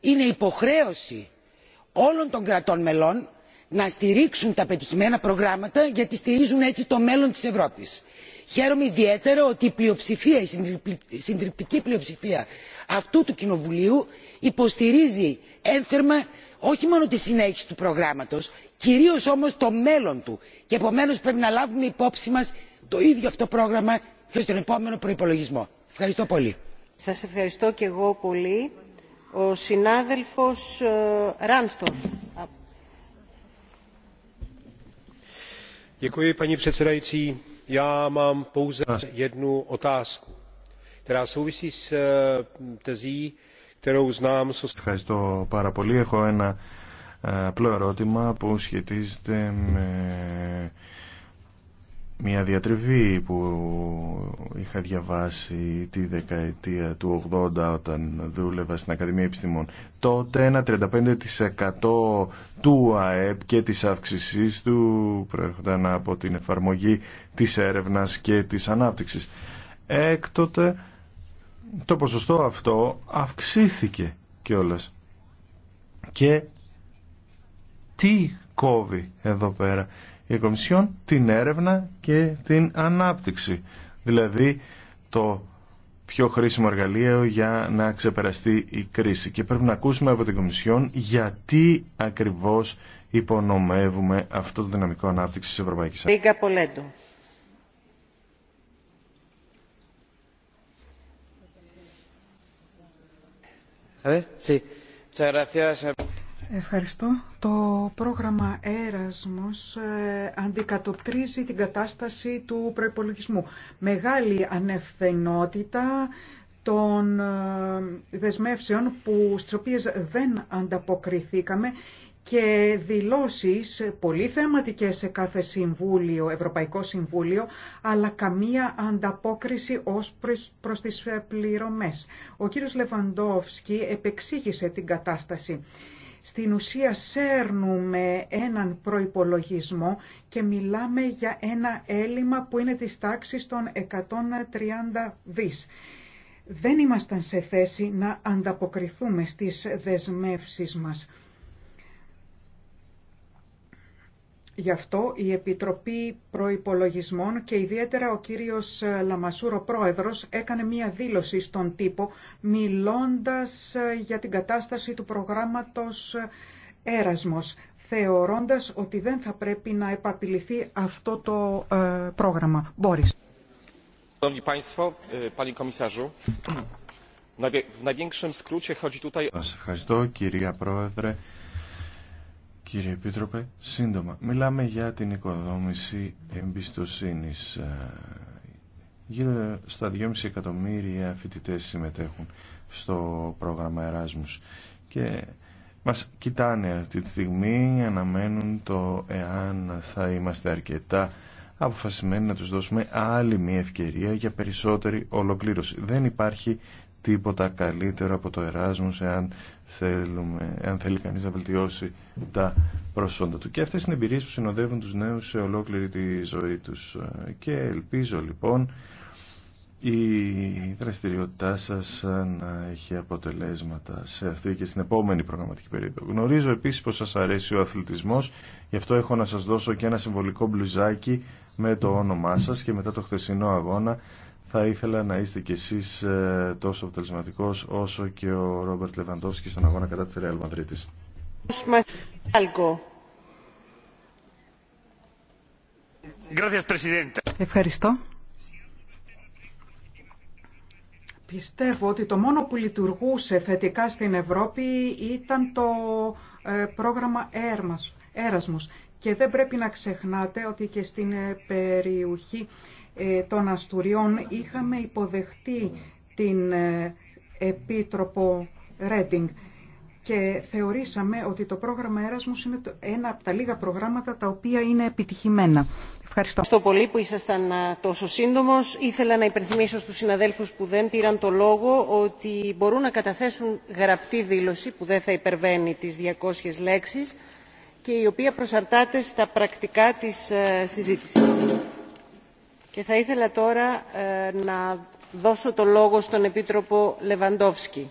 Είναι υποχρέωση όλων των κρατών μελών να στηρίξουν τα πετυχημένα προγράμματα γιατί στηρίζουν έτσι το μέλλον της Ευρώπης. Χαίρομαι ιδιαίτερα ότι η πλειοψηφία, η συντριπτική πλειοψηφία αυτού του Κοινοβουλίου υποστηρίζει ένθερμα όχι μόνο τη συνέχιση του προγράμματος, κυρίως όμως το μέλλον του και επομένως πρέπει να λάβουμε υπόψη μας το ίδιο αυτό πρόγραμμα και στον επόμενο προϋπολογισμό. Ευχαριστώ ευχαριστώ και εγώ πολύ ο συνάδελφος Ράνστορφ. ευχαριστώ πάρα πολύ. Έχω ένα ε, απλό ερώτημα που σχετίζεται με μια διατριβή που είχα διαβάσει τη δεκαετία του 80 όταν δούλευα στην Ακαδημία Επιστημών. Τότε ένα 35% του ΑΕΠ και της αύξησής του προέρχονταν από την εφαρμογή της έρευνας και της ανάπτυξης. Έκτοτε το ποσοστό αυτό αυξήθηκε κιόλας. Και τι κόβει εδώ πέρα η Κομισιόν την έρευνα και την ανάπτυξη. Δηλαδή το πιο χρήσιμο εργαλείο για να ξεπεραστεί η κρίση. Και πρέπει να ακούσουμε από την Κομισιόν γιατί ακριβώς υπονομεύουμε αυτό το δυναμικό ανάπτυξη της Ευρωπαϊκής Ένωσης. Ευχαριστώ. Το πρόγραμμα Έρασμος ε, αντικατοπτρίζει την κατάσταση του προϋπολογισμού. Μεγάλη ανευθενότητα των ε, δεσμεύσεων που, στις οποίες δεν ανταποκριθήκαμε και δηλώσεις πολύ θεματικές σε κάθε συμβούλιο, Ευρωπαϊκό Συμβούλιο, αλλά καμία ανταπόκριση ως προς, προς τις ε, πληρωμές. Ο κύριος Λεβαντόφσκι επεξήγησε την κατάσταση στην ουσία σέρνουμε έναν προϋπολογισμό και μιλάμε για ένα έλλειμμα που είναι της τάξης των 130 δις. Δεν ήμασταν σε θέση να ανταποκριθούμε στις δεσμεύσεις μας. Γι' αυτό η Επιτροπή Προϋπολογισμών και ιδιαίτερα ο κύριος Λαμασούρο Πρόεδρος έκανε μία δήλωση στον τύπο μιλώντας ε, για την κατάσταση του προγράμματος ε, Έρασμος, θεωρώντας ότι δεν θα πρέπει να επαπειληθεί αυτό το ε, πρόγραμμα. Μπόρις. Σας ευχαριστώ κυρία Πρόεδρε. Κύριε Επίτροπε, σύντομα, μιλάμε για την οικοδόμηση εμπιστοσύνης. Ε, γύρω στα 2,5 εκατομμύρια φοιτητές συμμετέχουν στο πρόγραμμα Εράσμους και μας κοιτάνε αυτή τη στιγμή, αναμένουν το εάν θα είμαστε αρκετά αποφασισμένοι να τους δώσουμε άλλη μια ευκαιρία για περισσότερη ολοκλήρωση. Δεν υπάρχει τίποτα καλύτερο από το Εράσμους εάν, θέλουμε, εάν θέλει κανείς να βελτιώσει τα προσόντα του. Και αυτές είναι εμπειρίες που συνοδεύουν τους νέους σε ολόκληρη τη ζωή τους. Και ελπίζω λοιπόν η δραστηριότητά σας να έχει αποτελέσματα σε αυτή και στην επόμενη προγραμματική περίοδο. Γνωρίζω επίσης πως σας αρέσει ο αθλητισμός, γι' αυτό έχω να σας δώσω και ένα συμβολικό μπλουζάκι με το όνομά σας και μετά το χθεσινό αγώνα θα ήθελα να είστε κι εσείς ε, τόσο αποτελεσματικό όσο και ο Ρόμπερτ Λεβαντόφσκι στον αγώνα κατά της Ρεάλ Μαδρίτης. Ευχαριστώ. Πιστεύω ότι το μόνο που λειτουργούσε θετικά στην Ευρώπη ήταν το ε, πρόγραμμα Έρασμος. Και δεν πρέπει να ξεχνάτε ότι και στην ε, περιοχή ε, των Αστουριών είχαμε υποδεχτεί την ε, Επίτροπο Ρέντινγκ και θεωρήσαμε ότι το πρόγραμμα Erasmus είναι ένα από τα λίγα προγράμματα τα οποία είναι επιτυχημένα. Ευχαριστώ. Ευχαριστώ πολύ που ήσασταν τόσο σύντομος. Ήθελα να υπενθυμίσω στους συναδέλφους που δεν πήραν το λόγο ότι μπορούν να καταθέσουν γραπτή δήλωση που δεν θα υπερβαίνει τις 200 λέξεις και η οποία προσαρτάται στα πρακτικά της ε, συζήτησης. Και θα ήθελα τώρα ε, να δώσω το λόγο στον Επίτροπο Λεβαντόφσκι.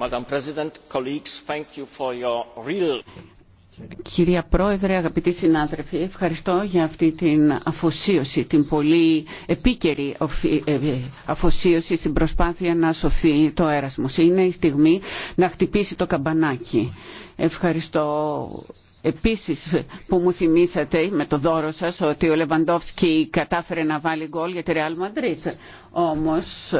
Madam President, colleagues, thank you for your real Κυρία Πρόεδρε, αγαπητοί συνάδελφοι, ευχαριστώ για αυτή την αφοσίωση, την πολύ επίκαιρη ε, αφοσίωση στην προσπάθεια να σωθεί το έρασμος. Είναι η στιγμή να χτυπήσει το καμπανάκι. Ευχαριστώ επίσης που μου θυμήσατε με το δώρο σας ότι ο Λεβαντόφσκι κατάφερε να βάλει γκολ για τη Ρεάλ Μαντρίτ. Όμως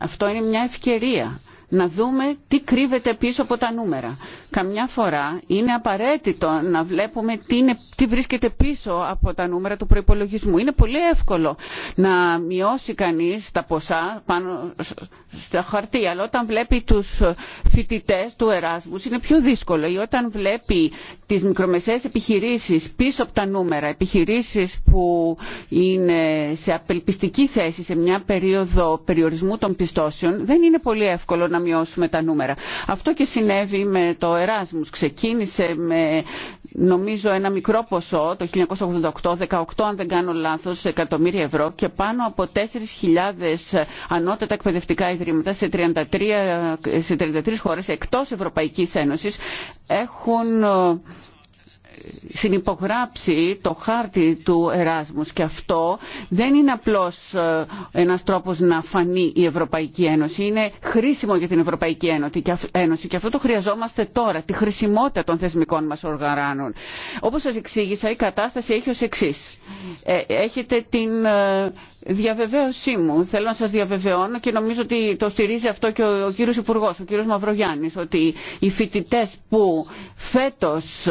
αυτό είναι μια ευκαιρία να δούμε τι κρύβεται πίσω από τα νούμερα. Καμιά φορά είναι απαραίτητο να βλέπουμε τι, είναι, βρίσκεται πίσω από τα νούμερα του προϋπολογισμού. Είναι πολύ εύκολο να μειώσει κανείς τα ποσά πάνω στα χαρτί, αλλά όταν βλέπει τους φοιτητέ του Εράσμους είναι πιο δύσκολο ή όταν βλέπει τις μικρομεσαίες επιχειρήσεις πίσω από τα νούμερα, επιχειρήσεις που είναι σε απελπιστική θέση σε μια περίοδο περιορισμού των πιστώσεων, δεν είναι πολύ εύκολο μειώσουμε τα νούμερα. Αυτό και συνέβη με το Εράσμους. Ξεκίνησε με νομίζω ένα μικρό ποσό το 1988, 18 αν δεν κάνω λάθος εκατομμύρια ευρώ και πάνω από 4.000 ανώτατα εκπαιδευτικά ιδρύματα σε 33, σε 33 χώρες εκτός Ευρωπαϊκής Ένωσης έχουν συνυπογράψει το χάρτη του Εράσμους και αυτό δεν είναι απλώς ε, ένας τρόπος να φανεί η Ευρωπαϊκή Ένωση. Είναι χρήσιμο για την Ευρωπαϊκή Ένωση και αυτό το χρειαζόμαστε τώρα, τη χρησιμότητα των θεσμικών μας οργανών. Όπως σας εξήγησα η κατάσταση έχει ως εξή. Ε, έχετε την ε, διαβεβαίωσή μου, θέλω να σας διαβεβαιώνω και νομίζω ότι το στηρίζει αυτό και ο κύριος Υπουργός, ο κύριος Μαυρογιάννης, ότι οι φοιτητές που φέτος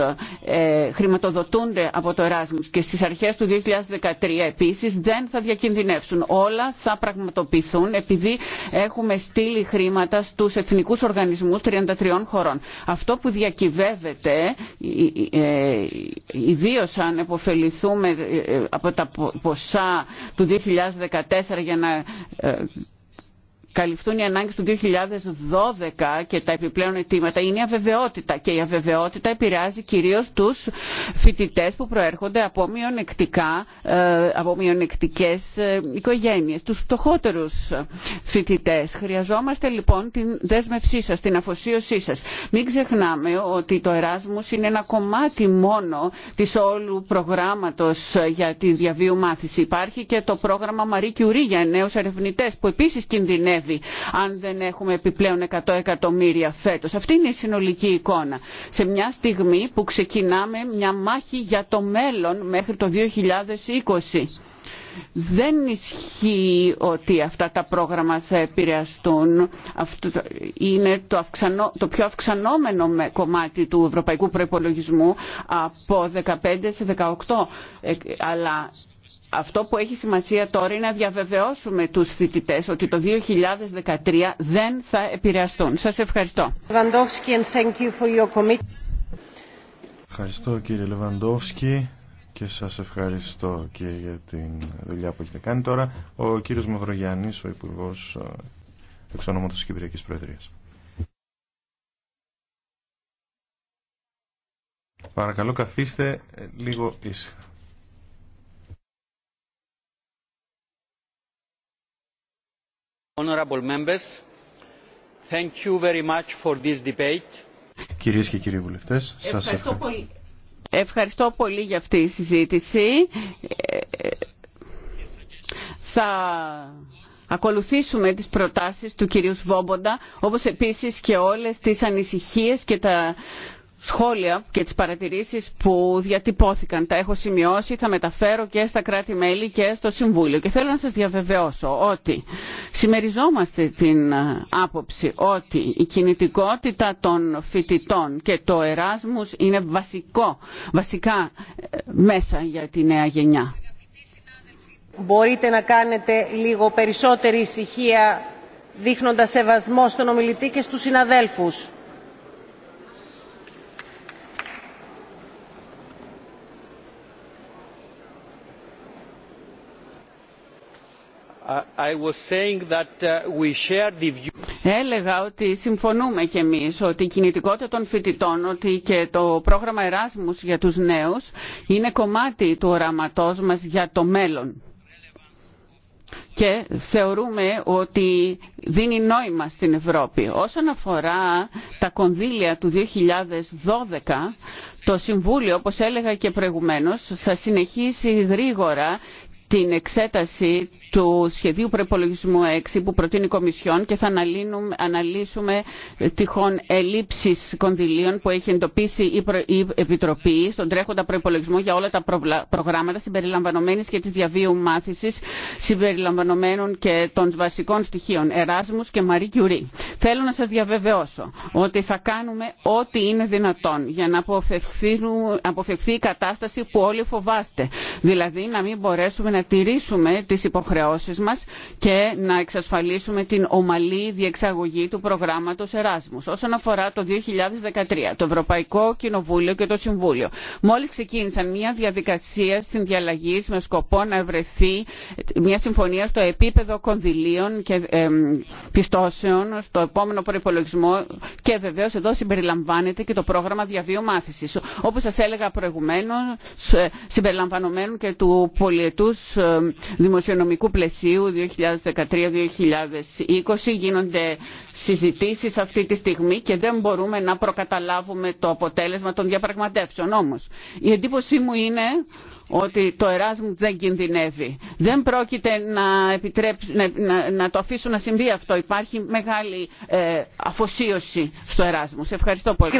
χρηματοδοτούνται από το Εράσμους και στις αρχές του 2013 επίσης δεν θα διακινδυνεύσουν. Όλα θα πραγματοποιηθούν επειδή έχουμε στείλει χρήματα στους εθνικούς οργανισμούς 33 χωρών. Αυτό που διακυβεύεται, ε, ε, ιδίω αν επωφεληθούμε ε, από τα ποσά του 2014 για να καλυφθούν οι ανάγκες του 2012 και τα επιπλέον αιτήματα είναι η αβεβαιότητα και η αβεβαιότητα επηρεάζει κυρίως τους φοιτητές που προέρχονται από, μειονεκτικά, ε, από μειονεκτικές ε, οικογένειες, τους φτωχότερους φοιτητές. Χρειαζόμαστε λοιπόν την δέσμευσή σας, την αφοσίωσή σας. Μην ξεχνάμε ότι το εράσμος είναι ένα κομμάτι μόνο της όλου προγράμματος για τη διαβίου μάθηση. Υπάρχει και το πρόγραμμα Marie Curie για νέους ερευνητές που επίσης κινδυνεύει αν δεν έχουμε επιπλέον 100 εκατομμύρια φέτος. Αυτή είναι η συνολική εικόνα. Σε μια στιγμή που ξεκινάμε μια μάχη για το μέλλον μέχρι το 2020. Δεν ισχύει ότι αυτά τα πρόγραμμα θα επηρεαστούν. Αυτό είναι το, το πιο αυξανόμενο κομμάτι του ευρωπαϊκού προϋπολογισμού από 15 σε 18. Ε, αλλά αυτό που έχει σημασία τώρα είναι να διαβεβαιώσουμε τους θητητές ότι το 2013 δεν θα επηρεαστούν. Σας ευχαριστώ. Ευχαριστώ κύριε Λεβαντόφσκι και σας ευχαριστώ και για την δουλειά που έχετε κάνει τώρα. Ο κύριος Μαυρογιάννης, ο Υπουργός ε, εξ της Κυπριακής Προεδρίας. Παρακαλώ καθίστε ε, λίγο ήσυχα. Honourable members, thank you very much for this debate. Κυρίες και κύριοι βουλευτές, σας ευχαριστώ, πολύ. για αυτή τη συζήτηση. Θα ακολουθήσουμε τις προτάσεις του κυρίου Σβόμποντα, όπως επίσης και όλες τις ανησυχίες και τα σχόλια και τις παρατηρήσεις που διατυπώθηκαν. Τα έχω σημειώσει, θα μεταφέρω και στα κράτη-μέλη και στο Συμβούλιο. Και θέλω να σας διαβεβαιώσω ότι συμμεριζόμαστε την ε, άποψη ότι η κινητικότητα των φοιτητών και το Εράσμους είναι βασικό, βασικά ε, μέσα για τη νέα γενιά. Μπορείτε να κάνετε λίγο περισσότερη ησυχία δείχνοντας σεβασμό στον ομιλητή και στους συναδέλφους. Uh, Έλεγα ότι συμφωνούμε κι εμείς ότι η κινητικότητα των φοιτητών ότι και το πρόγραμμα Εράσμους για τους νέους είναι κομμάτι του οραματός μας για το μέλλον και θεωρούμε ότι δίνει νόημα στην Ευρώπη. Όσον αφορά τα κονδύλια του 2012 το Συμβούλιο, όπως έλεγα και προηγουμένως, θα συνεχίσει γρήγορα την εξέταση του σχεδίου προπολογισμού 6 που προτείνει η Κομισιόν και θα αναλύσουμε τυχόν ελλείψεις κονδυλίων που έχει εντοπίσει η Επιτροπή στον τρέχοντα προπολογισμό για όλα τα προγράμματα συμπεριλαμβανομένης και της διαβίου μάθησης συμπεριλαμβανομένων και των βασικών στοιχείων Εράσμους και Μαρή Κιουρί. Θέλω να σας διαβεβαιώσω ότι θα κάνουμε ό,τι είναι δυνατόν για να αποφευθεί αποφευχθεί η κατάσταση που όλοι φοβάστε. Δηλαδή να μην μπορέσουμε να τηρήσουμε τις υποχρεώσεις μας και να εξασφαλίσουμε την ομαλή διεξαγωγή του προγράμματος Εράσμους. Όσον αφορά το 2013, το Ευρωπαϊκό Κοινοβούλιο και το Συμβούλιο, μόλις ξεκίνησαν μια διαδικασία στην διαλλαγή με σκοπό να ευρεθεί μια συμφωνία στο επίπεδο κονδυλίων και πιστώσεων στο επόμενο προπολογισμό και βεβαίω εδώ συμπεριλαμβάνεται και το πρόγραμμα διαβίου όπως σας έλεγα προηγουμένως συμπεριλαμβανομένου και του πολιετούς ε, δημοσιονομικού πλαισίου 2013-2020 γίνονται συζητήσεις αυτή τη στιγμή και δεν μπορούμε να προκαταλάβουμε το αποτέλεσμα των διαπραγματεύσεων όμως η εντύπωσή μου είναι ότι το Εράσμου δεν κινδυνεύει. Δεν πρόκειται να, επιτρέψει, να, το αφήσουν να συμβεί αυτό. Υπάρχει μεγάλη ε, αφοσίωση στο Εράσμου. Σε ευχαριστώ πολύ. Uh,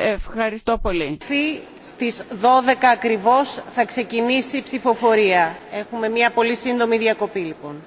ευχαριστώ πολύ. Στις 12 ακριβώς θα ξεκινήσει η ψηφοφορία. Έχουμε μια πολύ σύντομη διακοπή λοιπόν.